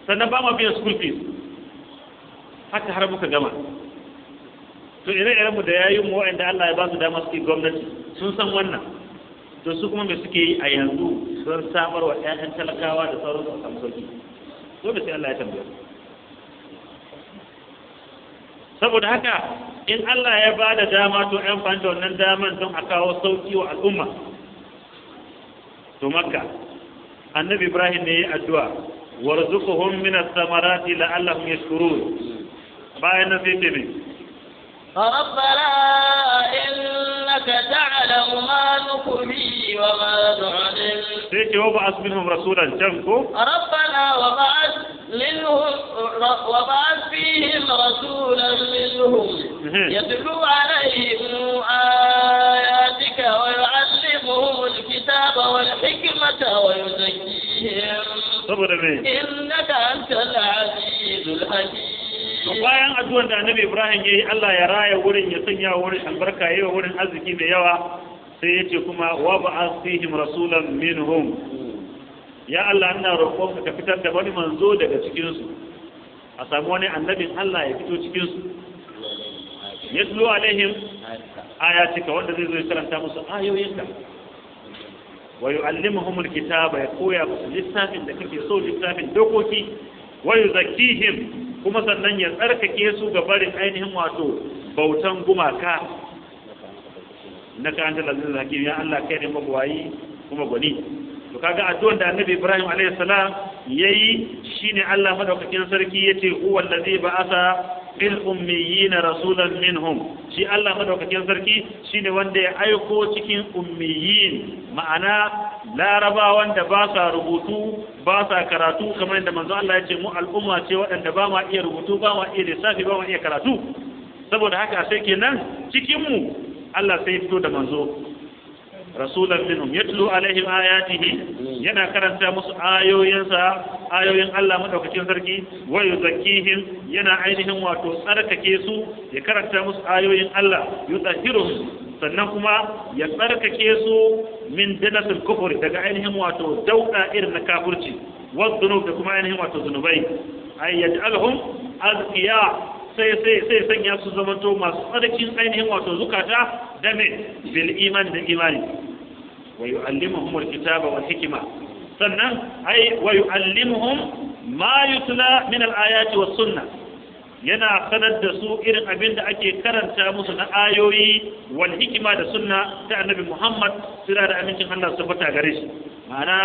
sannan ba ma biyan school fees haka har muka gama to ire-iren mu da yayin mu wa'anda Allah ya ba su dama su gwamnati sun san wannan to su kuma me suke yi a yanzu don samar wa ƴaƴan talakawa da sauran su samu sauki da sai Allah ya tambaye saboda haka in Allah ya ba da dama to ƴan fanta wannan daman don a kawo sauki wa al'umma to makka annabi ibrahim ne ya addu'a warzuquhum min ath-thamarati la'allahum yashkurun bayan nan sai ربنا إنك تعلم ما نخفي وما نعلم ليك وبعث منهم رسولا جنكو ربنا وبعث منهم وبعث فيهم رسولا منهم يتلو عليهم آياتك ويعلمهم الكتاب والحكمة ويزكيهم إنك أنت العزيز الحكيم bayan addu'ar da annabi ibrahim ya yi allah ya raya wurin ya sanya wurin albarka ya yi wurin arziki mai yawa sai ya ce kuma wa ba'a fihim rasulan minhum ya allah ina roƙon ka fitar da wani manzo daga cikinsu a samu wani annabin allah ya fito cikinsu su tsulo alaihim ayatika wanda zai zo ya karanta musu ayoyinka wa yu'allimuhum alkitaba ya koya musu littafin da kake so littafin dokoki wa yuzakkihim kuma sannan ya tsarkake su ga barin ainihin wato bautan gumaka na da lalzin hakim ya Allah kai ne magwayi kuma gwani to kaga addu'ar da annabi Ibrahim alayhi salam yayi shine Allah madaukakin sarki yace huwa allazi ba'asa fil ummiyin rasulan minhum shi Allah madaukakin sarki shine wanda ya aiko cikin ummiyin ma'ana laraba wanda ba sa rubutu ba sa karatu kamar yadda manzo Allah ya ce mu al'umma ce waɗanda ba ma iya rubutu ba ma iya lissafi ba ma iya karatu saboda haka sai kenan cikin mu Allah sai fito da manzo rasulan minhum yatlu alaihim ayatihi yana karanta musu ayoyinsa ayoyin Allah madaukakin sarki wa yuzakkihim yana ainihin wato tsarkake su ya karanta musu ayoyin Allah yutahhiruhum sannan kuma ya tsarkake su min dinatul kufur daga ainihin wato dauda irin na kafirci wa da kuma ainihin wato zunubai ay yaj'alhum azkiya sai sai sai sanya su zamanto masu tsarkin ainihin wato zukata da me bil iman da imani wa yu'allimuhum alkitaba wal hikma sannan ai wa yu'allimuhum ma yutla min alayati was sunnah yana sanar da su irin abin da ake karanta musu na ayoyi wal hikima da sunna ta annabi Muhammad sira da amincin Allah su fata gare shi ma'ana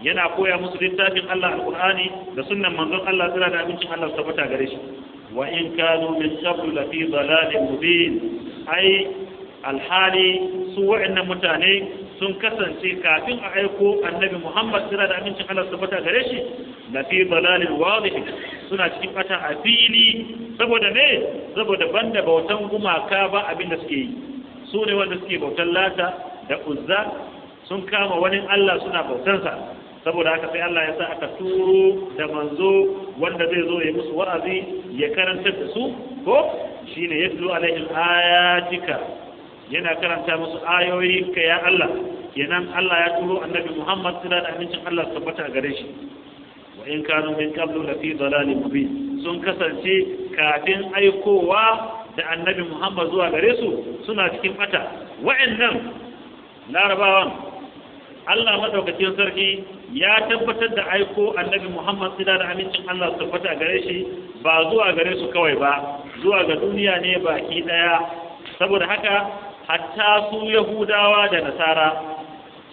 yana koya musu littafin Allah alqur'ani da sunnan manzon Allah sira da amincin Allah su fata gare shi وإن كانوا من قبل لفي ضلال مبين أي الحالي سوء إن متاني sun kasance kafin a aiko annabi Muhammad sira da amincin Allah su bata gare shi na fi balalin suna cikin bata a fili saboda me saboda banda bautan gumaka ba abin da suke yi su ne wanda suke bautan lata da uzza sun kama wani Allah suna bautansa saboda haka sai Allah ya sa aka turo da manzo wanda zai zo ya musu wa'azi ya karanta da su ko shine yatlu alaihim ayatika yana karanta musu ayoyinka ya Allah kenan Allah ya turo annabi Muhammad sallallahu alaihi amincin Allah tabbata gare shi wa in kanu min qablu la fi mubin sun kasance kafin aikowa da annabi Muhammad zuwa gare su suna cikin bata wa'annan larabawan Allah madaukakin sarki ya tabbatar da aiko annabi Muhammad sida da amincin Allah su tabbata gare shi ba zuwa gare su kawai ba zuwa ga duniya ne baki daya saboda haka hatta su Yahudawa da Nasara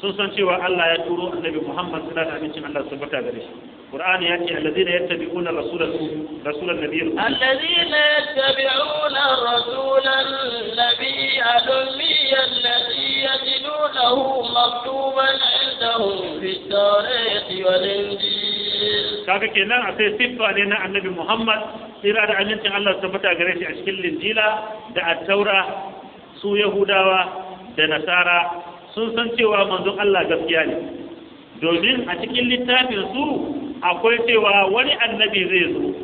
sun san cewa Allah ya turo annabi Muhammad sida da amincin Allah su tabbata gare shi القرآن يأتي الذين يتبعون الرسول رسول النبي الذين يتبعون الرسول النبي الأمي الذي يجدونه مكتوبا عندهم في التوراة والإنجيل kaga kenan a sai siffa ne na annabi Muhammad tsira da amincin Allah su tabbata gare shi a cikin linjila da attaura su Yahudawa da Nasara sun san cewa manzon Allah gaskiya ne domin a cikin littafin su akwai cewa wani annabi zai zo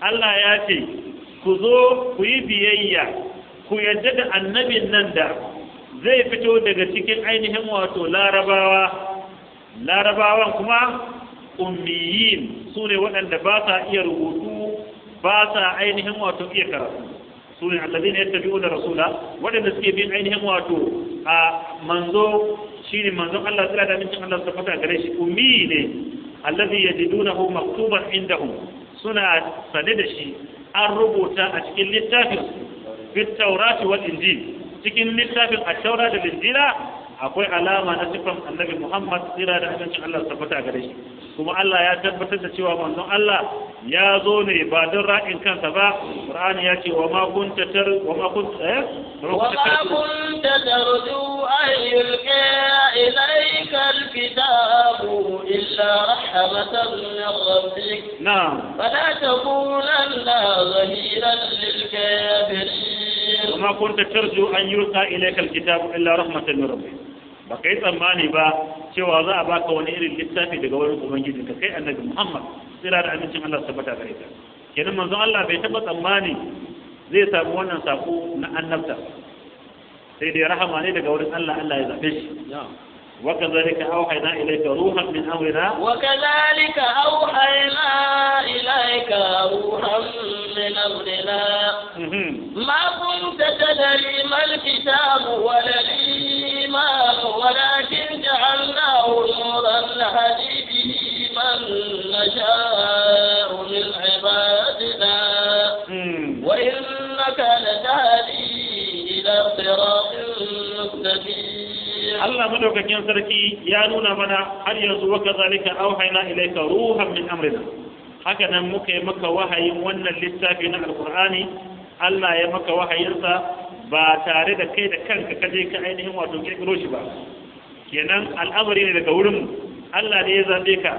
Allah ya ce ku zo ku yi biyayya ku yadda da annabin nan da zai fito daga cikin ainihin wato larabawa larabawan kuma ummiyin su ne waɗanda ba sa iya rubutu ba sa ainihin wato iya karatu su ne allazi ne yadda da rasula waɗanda suke bin ainihin wato a manzo shi ne manzon Allah tsira da mincin Allah su fata gare shi ummi ne allazi yajidunahu maktuban indahum suna sane da shi an rubuta a cikin littafin fit taurati wal injil cikin littafin at-taura da injila akwai alama na sifan annabi Muhammad tsira da hadisin Allah tabbata gare shi kuma Allah ya tabbatar da cewa manzon Allah ya zo ne ba don ra'in kansa ba Qur'ani ya ce wa ma kunta tar wa ma kunta eh wa ma kunta tarju an yulqa ilayka alkitab illa rahmatan min rabbik na'am fala takunanna zahiran lilkafirin wa ma kunta tarju an yulqa ilayka alkitab illa rahmatan min rabbik ba yi tsammani ba cewa za a baka wani irin littafi daga wurin ubangiji ka kai annabi muhammad tsira da amincin allah su tabbata gare ka kenan manzon allah bai taba tsammani zai samu wannan sako na annabta sai dai rahama ne daga wurin allah allah ya zabe shi وكذلك أوحينا إليك روحا من أمرنا وكذلك أوحينا إليك روحا من أمرنا ما كنت تدري ما الكتاب ولا الإيمان ولكن جعلناه نورا نهدي به من نشاء من عبادنا وإنك لتهدي إلى صراط مستقيم Allah madaukakin sarki ya nuna mana har yanzu wa kazalika auhayna ilayka ruhan min amrina haka nan muka yi maka wahayin wannan littafi na alqur'ani Allah ya maka wahayinsa ba tare da kai da kanka ka je ka ainihin wato kirkiro shi ba kenan al'amari ne daga wurin Allah ne ya zabe ka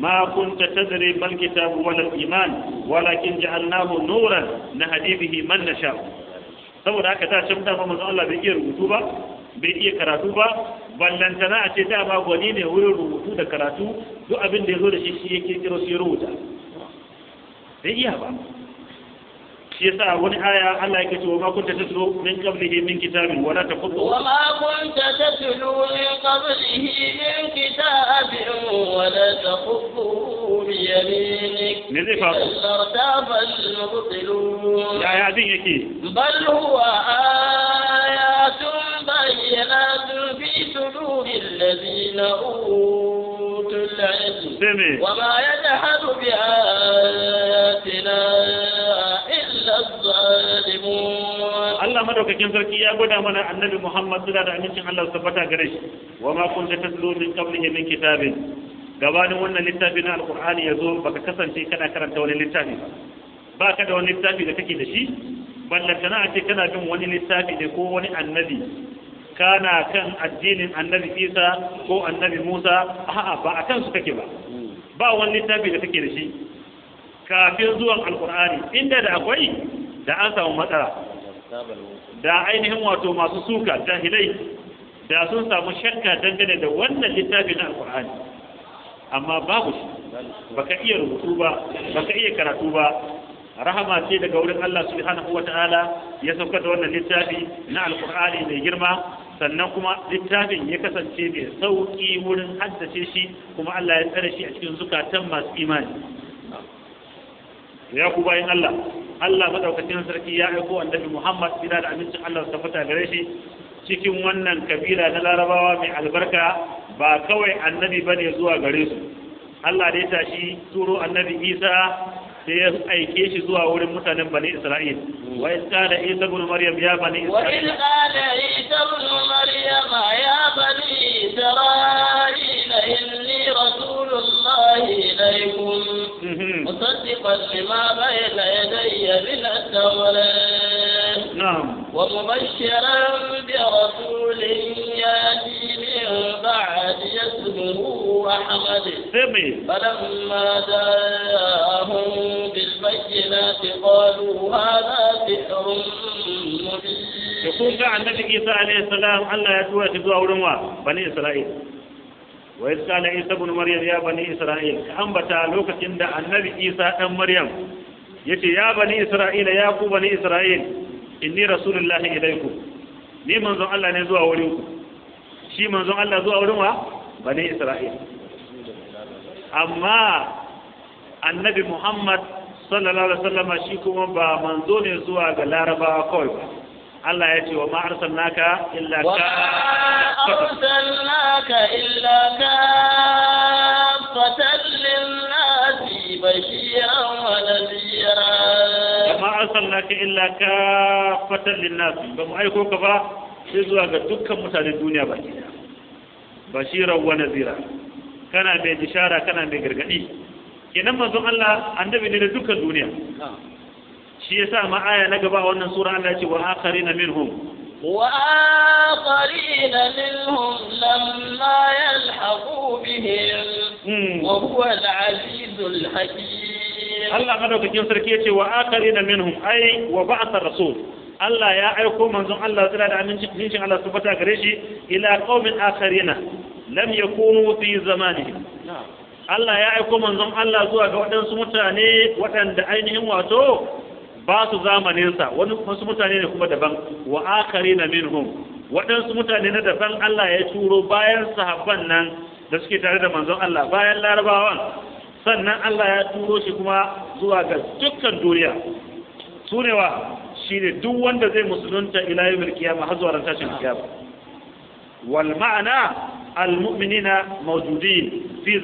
ما كنت تدري ما الكتاب ولا الإيمان ولكن جعلناه نورا نهدي به من saboda haka ta shamta ba manzo Allah bai iya rubutu ba bai iya karatu ba ballantana a ce dama gwani ne wurin rubutu da karatu duk abin da ya zo da shi shi ya kirkiro shi rubuta bai iya ba shi yasa wani aya Allah yake cewa ma kunta tatlu min qablihi min kitabin wala taqutu wa ma kunta tatlu min qablihi min kitabin wala taqutu bi yaminik ne zai faru tartaba al-mubtilun ya ya din yake bal huwa ayatun البينات في صدور الذين أوتوا العلم سمي. وما يجحد بآياتنا Allah madaukakin sarki ya gwada mana annabi Muhammad suna da amincin Allah su tabbata gare shi wa ma kun kunta tatlu min qablihi min kitabin gabanin wannan littafin na Al-ƙur'ani ya zo ba ka kasance kana karanta wani littafi ba ka da wani littafi da kake da shi balla kana ce kana bin wani littafi ne ko wani annabi kana kan addinin annabi isa ko annabi musa a'a ba a kansu kake ba ba wani littafi da kake da shi kafin zuwan alkur'ani inda da akwai da an samu matsala da ainihin wato masu suka jahilai da sun samu shakka dangane da wannan littafi na alkur'ani amma babu shi baka iya rubutu ba baka iya karatu ba rahama ce daga wurin Allah subhanahu ta'ala ya sauka da wannan littafi na alkur'ani mai girma sannan kuma littafin ya kasance mai sauƙi wurin haddace shi kuma Allah ya tsare shi a cikin zukatan masu imani ya ku bayan Allah Allah madaukakin sarki ya aiko annabi Muhammad gida da amincin Allah ta fita gare shi cikin wannan kabila na Larabawa mai albarka ba kawai annabi bane zuwa gare su Allah da ya tashi turo annabi Isa sai ya aike shi zuwa wurin mutanen bani isra'il wa in qala isa ibn maryam ya bani isra'il wa in qala isa ibn maryam ya bani isra'il inni rasulullah ilaykum mhm. musaddiqan lima bayna yadayya min at-tawrat na'am wa mubashshiran bi rasulin yati min ba'di ismihi محمد سمي فلما جاءهم بالبينات قالوا هذا سحر مبين kun ga annabi Isa alaihi salam Allah ya tura shi zuwa wurin wa bani Isra'il wa iz kana Isa ibn Maryam ya bani Isra'il ka ambata lokacin da annabi Isa dan Maryam ce ya bani Isra'il ya ku bani Isra'il inni idai ku. ni manzon Allah ne zuwa wurin ku shi manzon Allah zuwa wurin wa bani Isra'il amma annabi muhammad sallallahu alaihi wasallam shi kuma ba manzo ne zuwa ga larabawa kawai ba Allah ya ce wa ma arsalnaka illa ka Wa arsalnaka illa ka fatan lin-nasi bashiran wa nadhira ma arsalnaka illa ka fatan lin-nasi ba mu aiko ka ba sai zuwa ga dukkan mutanen duniya baki bashiran wa nadhira kana mai bishara kana mai gargadi kenan manzon Allah annabi ne da dukkan duniya shi yasa ma aya na gaba wannan sura Allah ya ce wa akharina minhum وآخرين منهم لما يلحقوا بهم وهو العزيز الحكيم الله قد وكتين سركيتي وآخرين منهم أي وبعث الرسول Allah ya aiko manzon Allah tsira da amincin Allah su fata gare shi ila qaumin akharina lam yakunu fi zamani Allah ya aiko manzon Allah zuwa ga waɗansu mutane waɗanda ainihin wato ba su zamaninsa wani wasu mutane ne kuma daban wa akharina minhum waɗansu mutane na daban Allah ya turo bayan sahabban nan da suke tare da manzon Allah bayan larabawan sannan Allah ya turo shi kuma zuwa ga dukkan duniya su ne shine duk wanda zai musulunta ila yawmil har zuwa tashin kiyama wal ma'ana almuminina mawjudin fi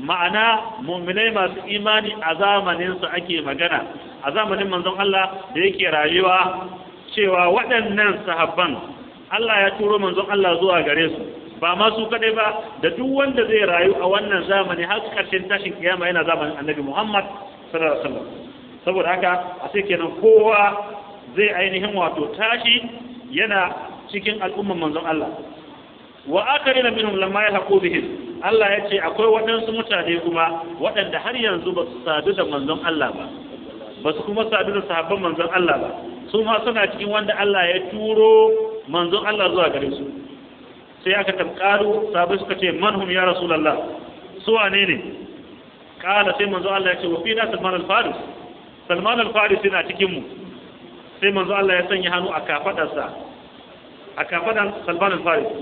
ma'ana mu'minai masu imani a zamanin su ake magana a zamanin manzon Allah da yake rayuwa cewa waɗannan sahabban Allah ya turo manzon Allah zuwa gare su ba ma su kadai ba da duk wanda zai rayu a wannan zamani har ƙarshen tashin kiyama yana zamanin annabi Muhammad sallallahu alaihi wasallam saboda haka a sai kenan kowa zai ainihin wato tashi yana cikin al'umman manzon Allah wa na minum lamma haƙo bihin. Allah ya ce akwai waɗansu mutane kuma waɗanda har yanzu ba su sadu da manzon Allah ba ba su kuma sadu da sahabban manzon Allah ba su ma suna cikin wanda Allah ya turo manzon Allah zuwa gare su sai aka tamkaru sahabbai suka ce manhum ya lallah. su wane ne kala sai manzon Allah ya ce wa fi nasil salman al-farisi na cikinmu, sai manzo Allah ya sanya hannu a kafadarsa a kafadar salman al-farisi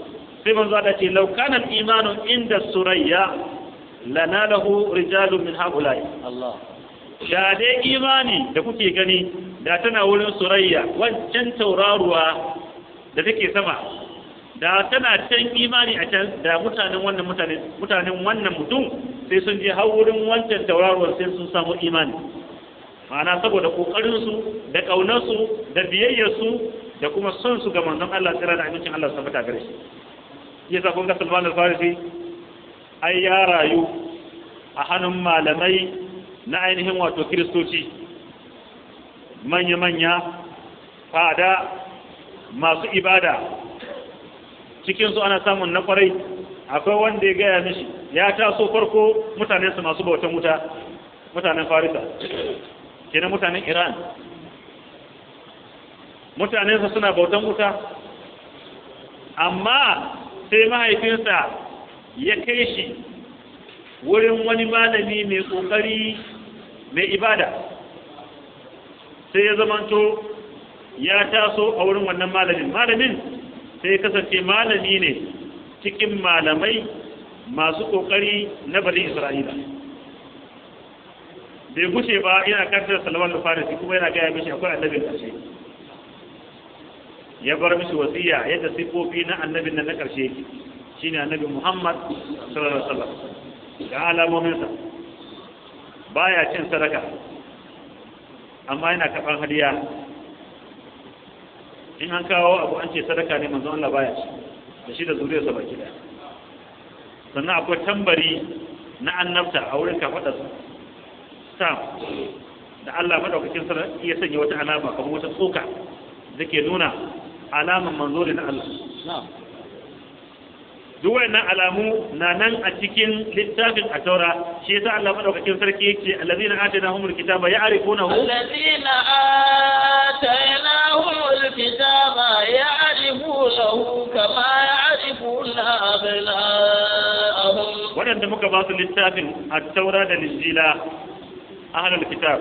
sai manzo Allah ce law kana al-imanu inda surayya lahu rijalun min haulai Allah da imani da kuke gani da tana wurin surayya wancan tauraruwa da take sama da tana can imani a can da mutanen wannan mutanen wannan mutum sai sun je har wurin wancan tauraruwar sai sun samu imani ma'ana saboda ƙoƙarinsu da ƙaunarsu da biyayyarsu da kuma son su ga manzon Allah tsira da amincin Allah su gare shi yasa kun ga Salman al-Farisi ai ya rayu a hannun malamai na ainihin wato kiristoci manya-manya fada masu ibada cikin su ana samun na kwarai akwai wanda ya gaya mishi ya taso farko mutane su masu bautan wuta mutanen farisa kenan mutanen iran mutanensa suna bautan wuta amma sai mahaifinsa ya kai shi wurin wani malami mai ƙoƙari mai ibada sai ya zamanto ya taso a wurin wannan malamin malamin sai kasance malami ne cikin malamai masu ƙoƙari na bari isra'ila bai gushe ba yana karshen salman da farisi kuma yana gaya mishi akwai annabin karshe. ya bar mishi wasiya yadda sifofi na annabin nan na ƙarshe shine annabi muhammad sallallahu alaihi wasallam ga alamominsa baya cin sadaka amma yana karɓar hadiya in an kawo abu an ce sadaka ne manzon Allah baya ci da shi da zuriyarsa baki daya sannan akwai tambari na annabta a wurin kafadarsa sam da Allah madaukakin sa ya sanya wata alama kamar wata tsoka da ke nuna alaman manzuri na Allah duk na alamu na nan a cikin littafin a taura shi yasa Allah madaukakin sarki yake allazina humul kitaba ya'rifunahu allazina humul kitaba ya'rifunahu kama ya'rifuna abna'ahum wadanda muka ba su littafin a taura da linjila ahlul kitab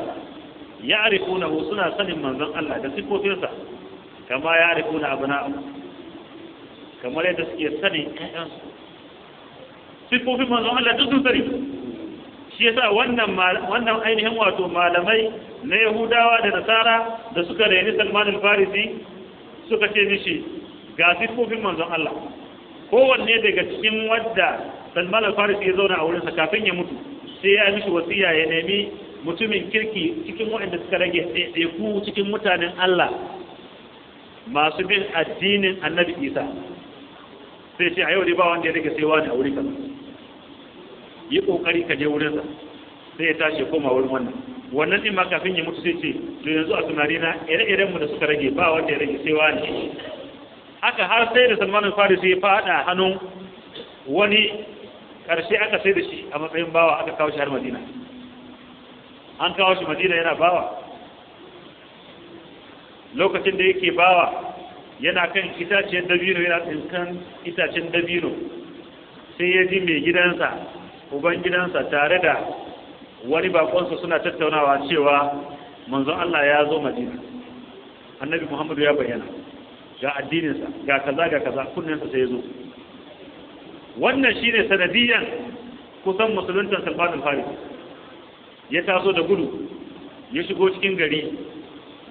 ya'rifunahu suna sanin manzon Allah da sifofinsa kama ya'rifuna kama kamar da suke sanin ƴaƴansu sifofin manzon Allah duk sun sani shi yasa wannan wannan ainihin wato malamai na Yahudawa da Nasara da suka reni Salman al-Farisi suka ce mishi ga sifofin manzon Allah kowanne daga cikin wadda Salman al-Farisi ya zauna a wurinsa kafin ya mutu sai ya mishi wasiya ya nemi mutumin kirki cikin waɗanda suka rage ku cikin mutanen Allah masu bin addinin annabi isa sai ce a yau ne ba wanda ya rage sai wani a wuri yi ƙoƙari ka je wurinsa sai ya tashi koma wurin wannan wannan ɗin ma kafin ya mutu sai ce to yanzu a tunani na ire-iren mu da suka rage ba wanda ya rage sai wani haka har sai da Salman Farisi ya faɗa hannun wani ƙarshe aka sai da shi a matsayin bawa aka kawo shi har Madina an kawo shi madina yana bawa lokacin da yake bawa yana kan itacen dabino yana tsinkan itacen dabino sai ya ji mai gidansa uban gidansa tare da wani bakonsa suna tattaunawa cewa manzon Allah ya zo madina annabi muhammadu ya bayyana ga addininsa ga kaza ga kaza kunninsa sai ya zo wannan shine sanadiyan kusan musuluntan salman farisi ya taso da gudu ya shigo cikin gari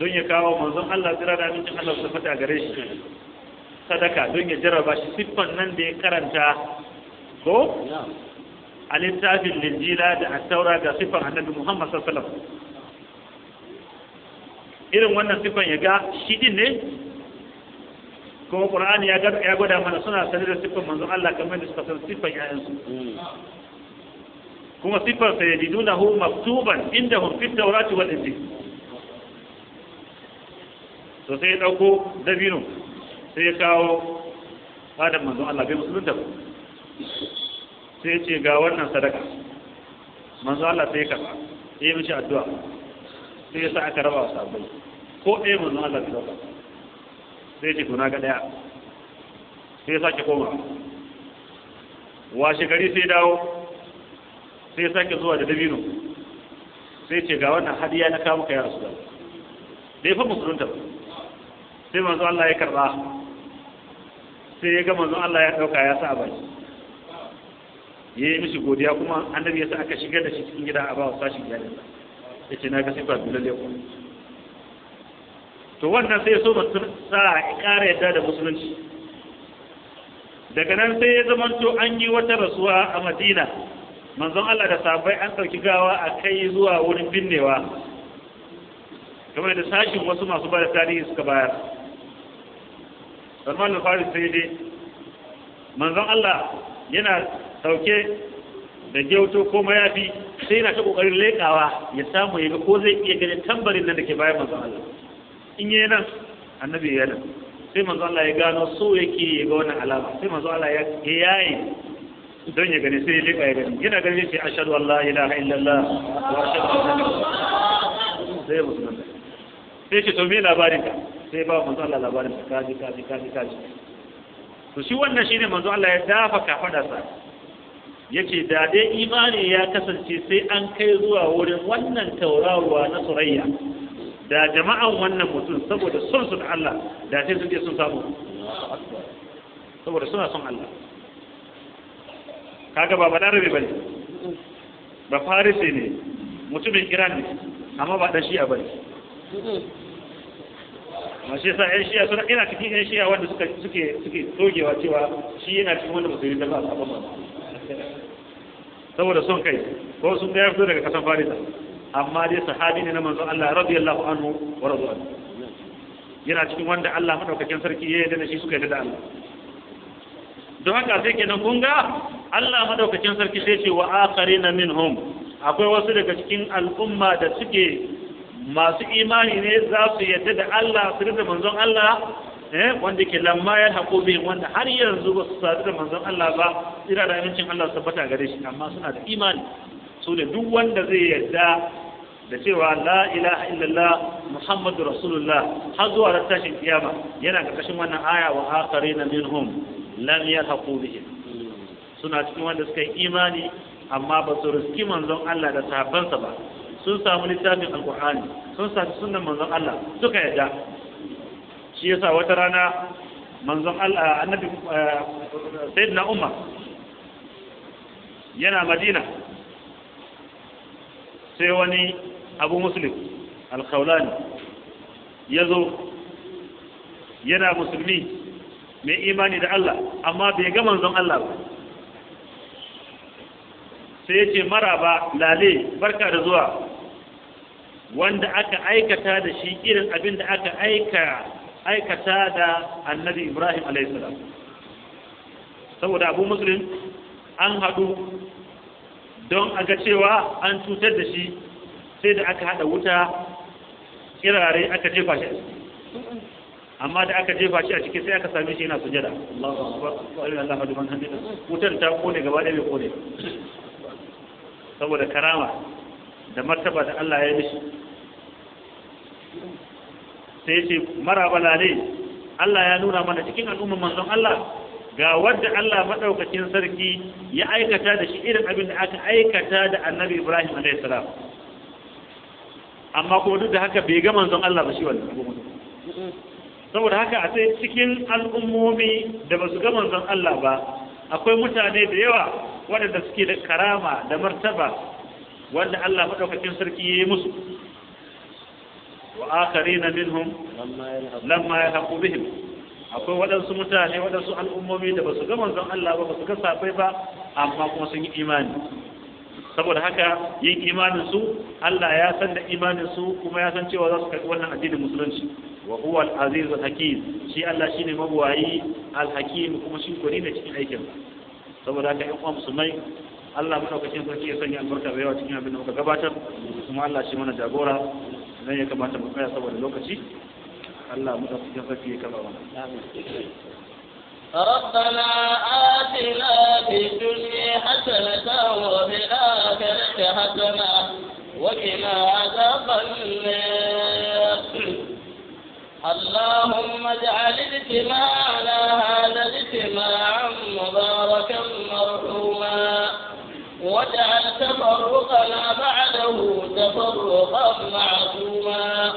don ya kawo manzon Allah tsira da amincin Allah su fata gare shi sadaka don ya jarraba shi siffan nan da ya karanta ko a littafin linjila da attaura ga siffan annabi Muhammad sallallahu irin wannan siffan ya ga shi din ne kuma Qur'ani ya gwada mana suna sanar da siffan manzon Allah kamar da suka san siffan su kuma siffar sa hu maktuban indahum fi tawrati wal injil to sai ya ɗauko, dabino sai ya kawo adam manzon Allah bai musulunta ku. sai ce ga wannan sadaka manzo Allah sai karba ya yi mishi addu'a sai ya sa aka raba wa sabai ko ɗaya manzo Allah bai dauka sai ce tuna ga ɗaya sai ya sake koma washe gari sai dawo sai sake zuwa da dabino sai ce ga wannan hadiya na kawo ka ya rasu ya fi musulunta ba sai manzo Allah ya karba sai ya ga manzo Allah ya dauka ya sa a ya yi mishi godiya kuma annabi ya sa aka shigar da shi cikin gida a ba wa sashi gida ya ce na ga sai ba lalle ya to wannan sai so ba sa ya ƙara yadda da musulunci daga nan sai ya zamanto an yi wata rasuwa a madina manzon Allah da sabai an ɗauki gawa a kai zuwa wurin binnewa kamar da sashin wasu masu ba da tarihi suka bayar salman al-faris sai dai manzon Allah yana ɗauke da gyauto ko mayafi sai yana ta ƙoƙarin leƙawa ya samu ya ga ko zai iya ganin tambarin nan da ke bayan manzon Allah in yi nan annabi ya nan sai manzon Allah ya gano so yake ya ga wannan alama sai manzon Allah ya yaye don ya gani sai ya leƙa ya gani yana gani sai ashadu Allah la ilaha illallah wa ashhadu anna sai ya shi sai ce to me labarin ka sai ba manzo Allah labarin ka kaji kaji kaji kaji to shi wannan shine manzo Allah ya dafa sa yace da dai imani ya kasance sai an kai zuwa wurin wannan taurawa na surayya da jama'an wannan mutum saboda son su da Allah da sai sun je sun samu saboda suna son Allah kaga ba balarabe bane ba farisi ne mutumin iran ne amma ba dan shi'a bane ma shi yasa yan shi'a suna ina cikin yan shi'a wanda suka suke suke dogewa cewa shi yana cikin wanda musulmi da ba a ba saboda son kai ko sun ga fito daga kasan farisa amma dai sahabi ne na manzon Allah radiyallahu anhu wa radwan yana cikin wanda Allah madaukakin sarki ya yarda da shi suka yarda da Allah don haka sai kenan kun ga Allah madaukakin sarki sai ce wa akharina minhum akwai wasu daga cikin al'umma da suke masu imani ne za su yadda da Allah su rika manzon Allah eh wanda ke lamma ya haƙo wanda har yanzu ba su sadu da manzon Allah ba ira da amincin Allah su tabbata gare shi amma suna da imani su da duk wanda zai yarda da cewa la ilaha illallah muhammadu rasulullah har zuwa tashin kiyama yana ƙarƙashin wannan aya wa na minhum lam yahqu bihim suna cikin wanda suka yi imani amma ba su riski manzon Allah da sahabbansa ba sun samu littafin alkur'ani sun sami sunan manzon Allah suka yadda shi yasa wata rana manzon Allah annabi eh, sayyidina Umar yana Madina sai wani Abu Muslim al-Khawlani yazo yana musulmi mai imani da Allah amma bai ga manzon Allah ba sai ya ce maraba lale barka da zuwa wanda aka aikata da shi irin abin da aka aikata da annabi ibrahim alaihissalam saboda abu musulun an haɗu don aga cewa an cutar da shi sai da aka haɗa wuta kirare aka jefa shi amma da aka jefa shi a ciki sai aka same shi yana sujada Allahu akbar wa inna lillahi wa inna ilaihi raji'un wutar ta kone gaba ɗaya bai kone saboda karama da martaba da Allah ya mishi sai ce maraba lalai Allah ya nuna mana cikin al'umman manzon Allah ga wadda Allah madaukakin sarki ya aikata da shi irin abin da aka aikata da Annabi Ibrahim alaihi salam amma kuma duk da haka bai ga manzon Allah ba shi wannan saboda haka a sai cikin al'ummomi da ba su ga manzon Allah ba akwai mutane da yawa waɗanda suke da karama da martaba wanda Allah maɗaukakin sarki ya yi musu wa akharina minhum lamma yahqu bihim akwai waɗansu mutane waɗansu al'ummomi da basu ga manzon Allah ba su ga safai ba amma kuma sun yi imani saboda haka yin imanin su Allah ya san da imanin su kuma ya san cewa za su karɓi wannan addinin musulunci wa huwa al-aziz al-hakim shi Allah shine magwayi al-hakim kuma shi gwani ne cikin aikinsa saboda haka in kuma musulmai Allah madaukakin sarki ya sanya albarka da yawa cikin abin da muka gabatar kuma Allah shi mana jagora nan ya kamata mu tsaya saboda lokaci Allah madaukakin sarki ya kaba mana ربنا آتنا في الدنيا حسنة وفي الآخرة حسنة وقنا عذاب النار اللهم اجعل اجتماعنا هذا اجتماعا مباركا مرحوما واجعل تفرقنا بعده تفرقا معصوما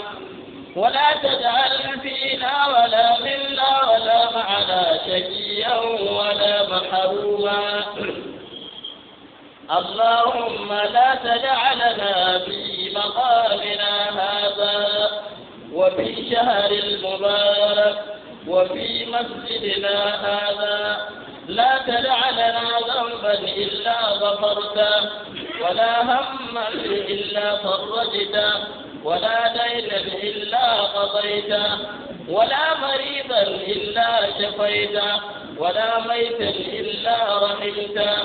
ولا تجعل فينا ولا منا ولا معنا شقيا ولا محروما اللهم لا تجعلنا في مقامنا هذا وفي الشهر المبارك وفي مسجدنا هذا لا تدع لنا ذنبا إلا غفرته ولا هما إلا فرجته ولا دينا إلا قضيته ولا مريضا إلا شفيته ولا ميتا إلا رحمته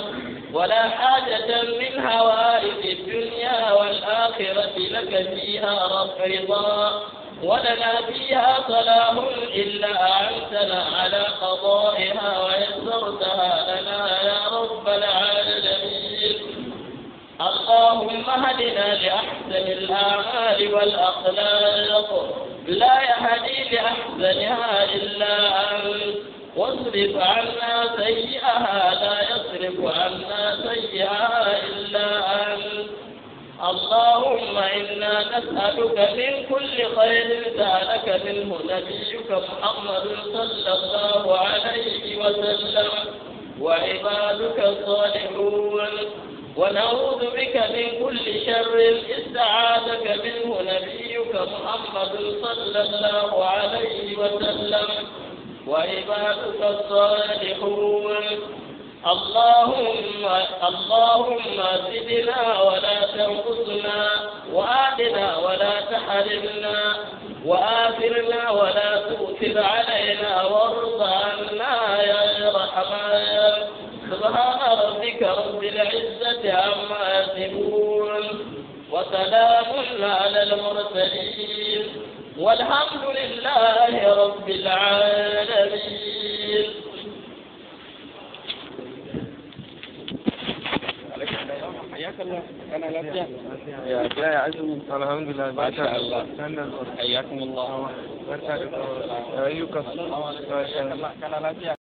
ولا حاجة من هوائج الدنيا والآخرة لك فيها رضا ولنا فيها صلاح إلا أعنتنا على قضائها ويسرتها لنا يا رب العالمين اللهم هدنا لأحسن الأعمال والأخلاق لا يهدي لأحسنها إلا أنت واصرف عنا سيئها لا يصرف عنا سيئها إلا أنت اللهم إنا نسألك من كل خير سألك منه نبيك محمد صلى الله عليه وسلم وعبادك الصالحون ونعوذ بك من كل شر استعاذك منه نبيك محمد صلى الله عليه وسلم وعبادك الصالحون اللهم اللهم زدنا ولا تنقصنا وآتنا ولا تحرمنا وآثرنا ولا تؤثر علينا وارض عنا يا رحمن سبحان ربك رب العزة عما يصفون وسلام على المرسلين والحمد لله رب العالمين الله أنا لا أبدأ يا كلا يا عزم الحمد لله ما شاء الله حياكم الله بركاته أيوك الله كان لا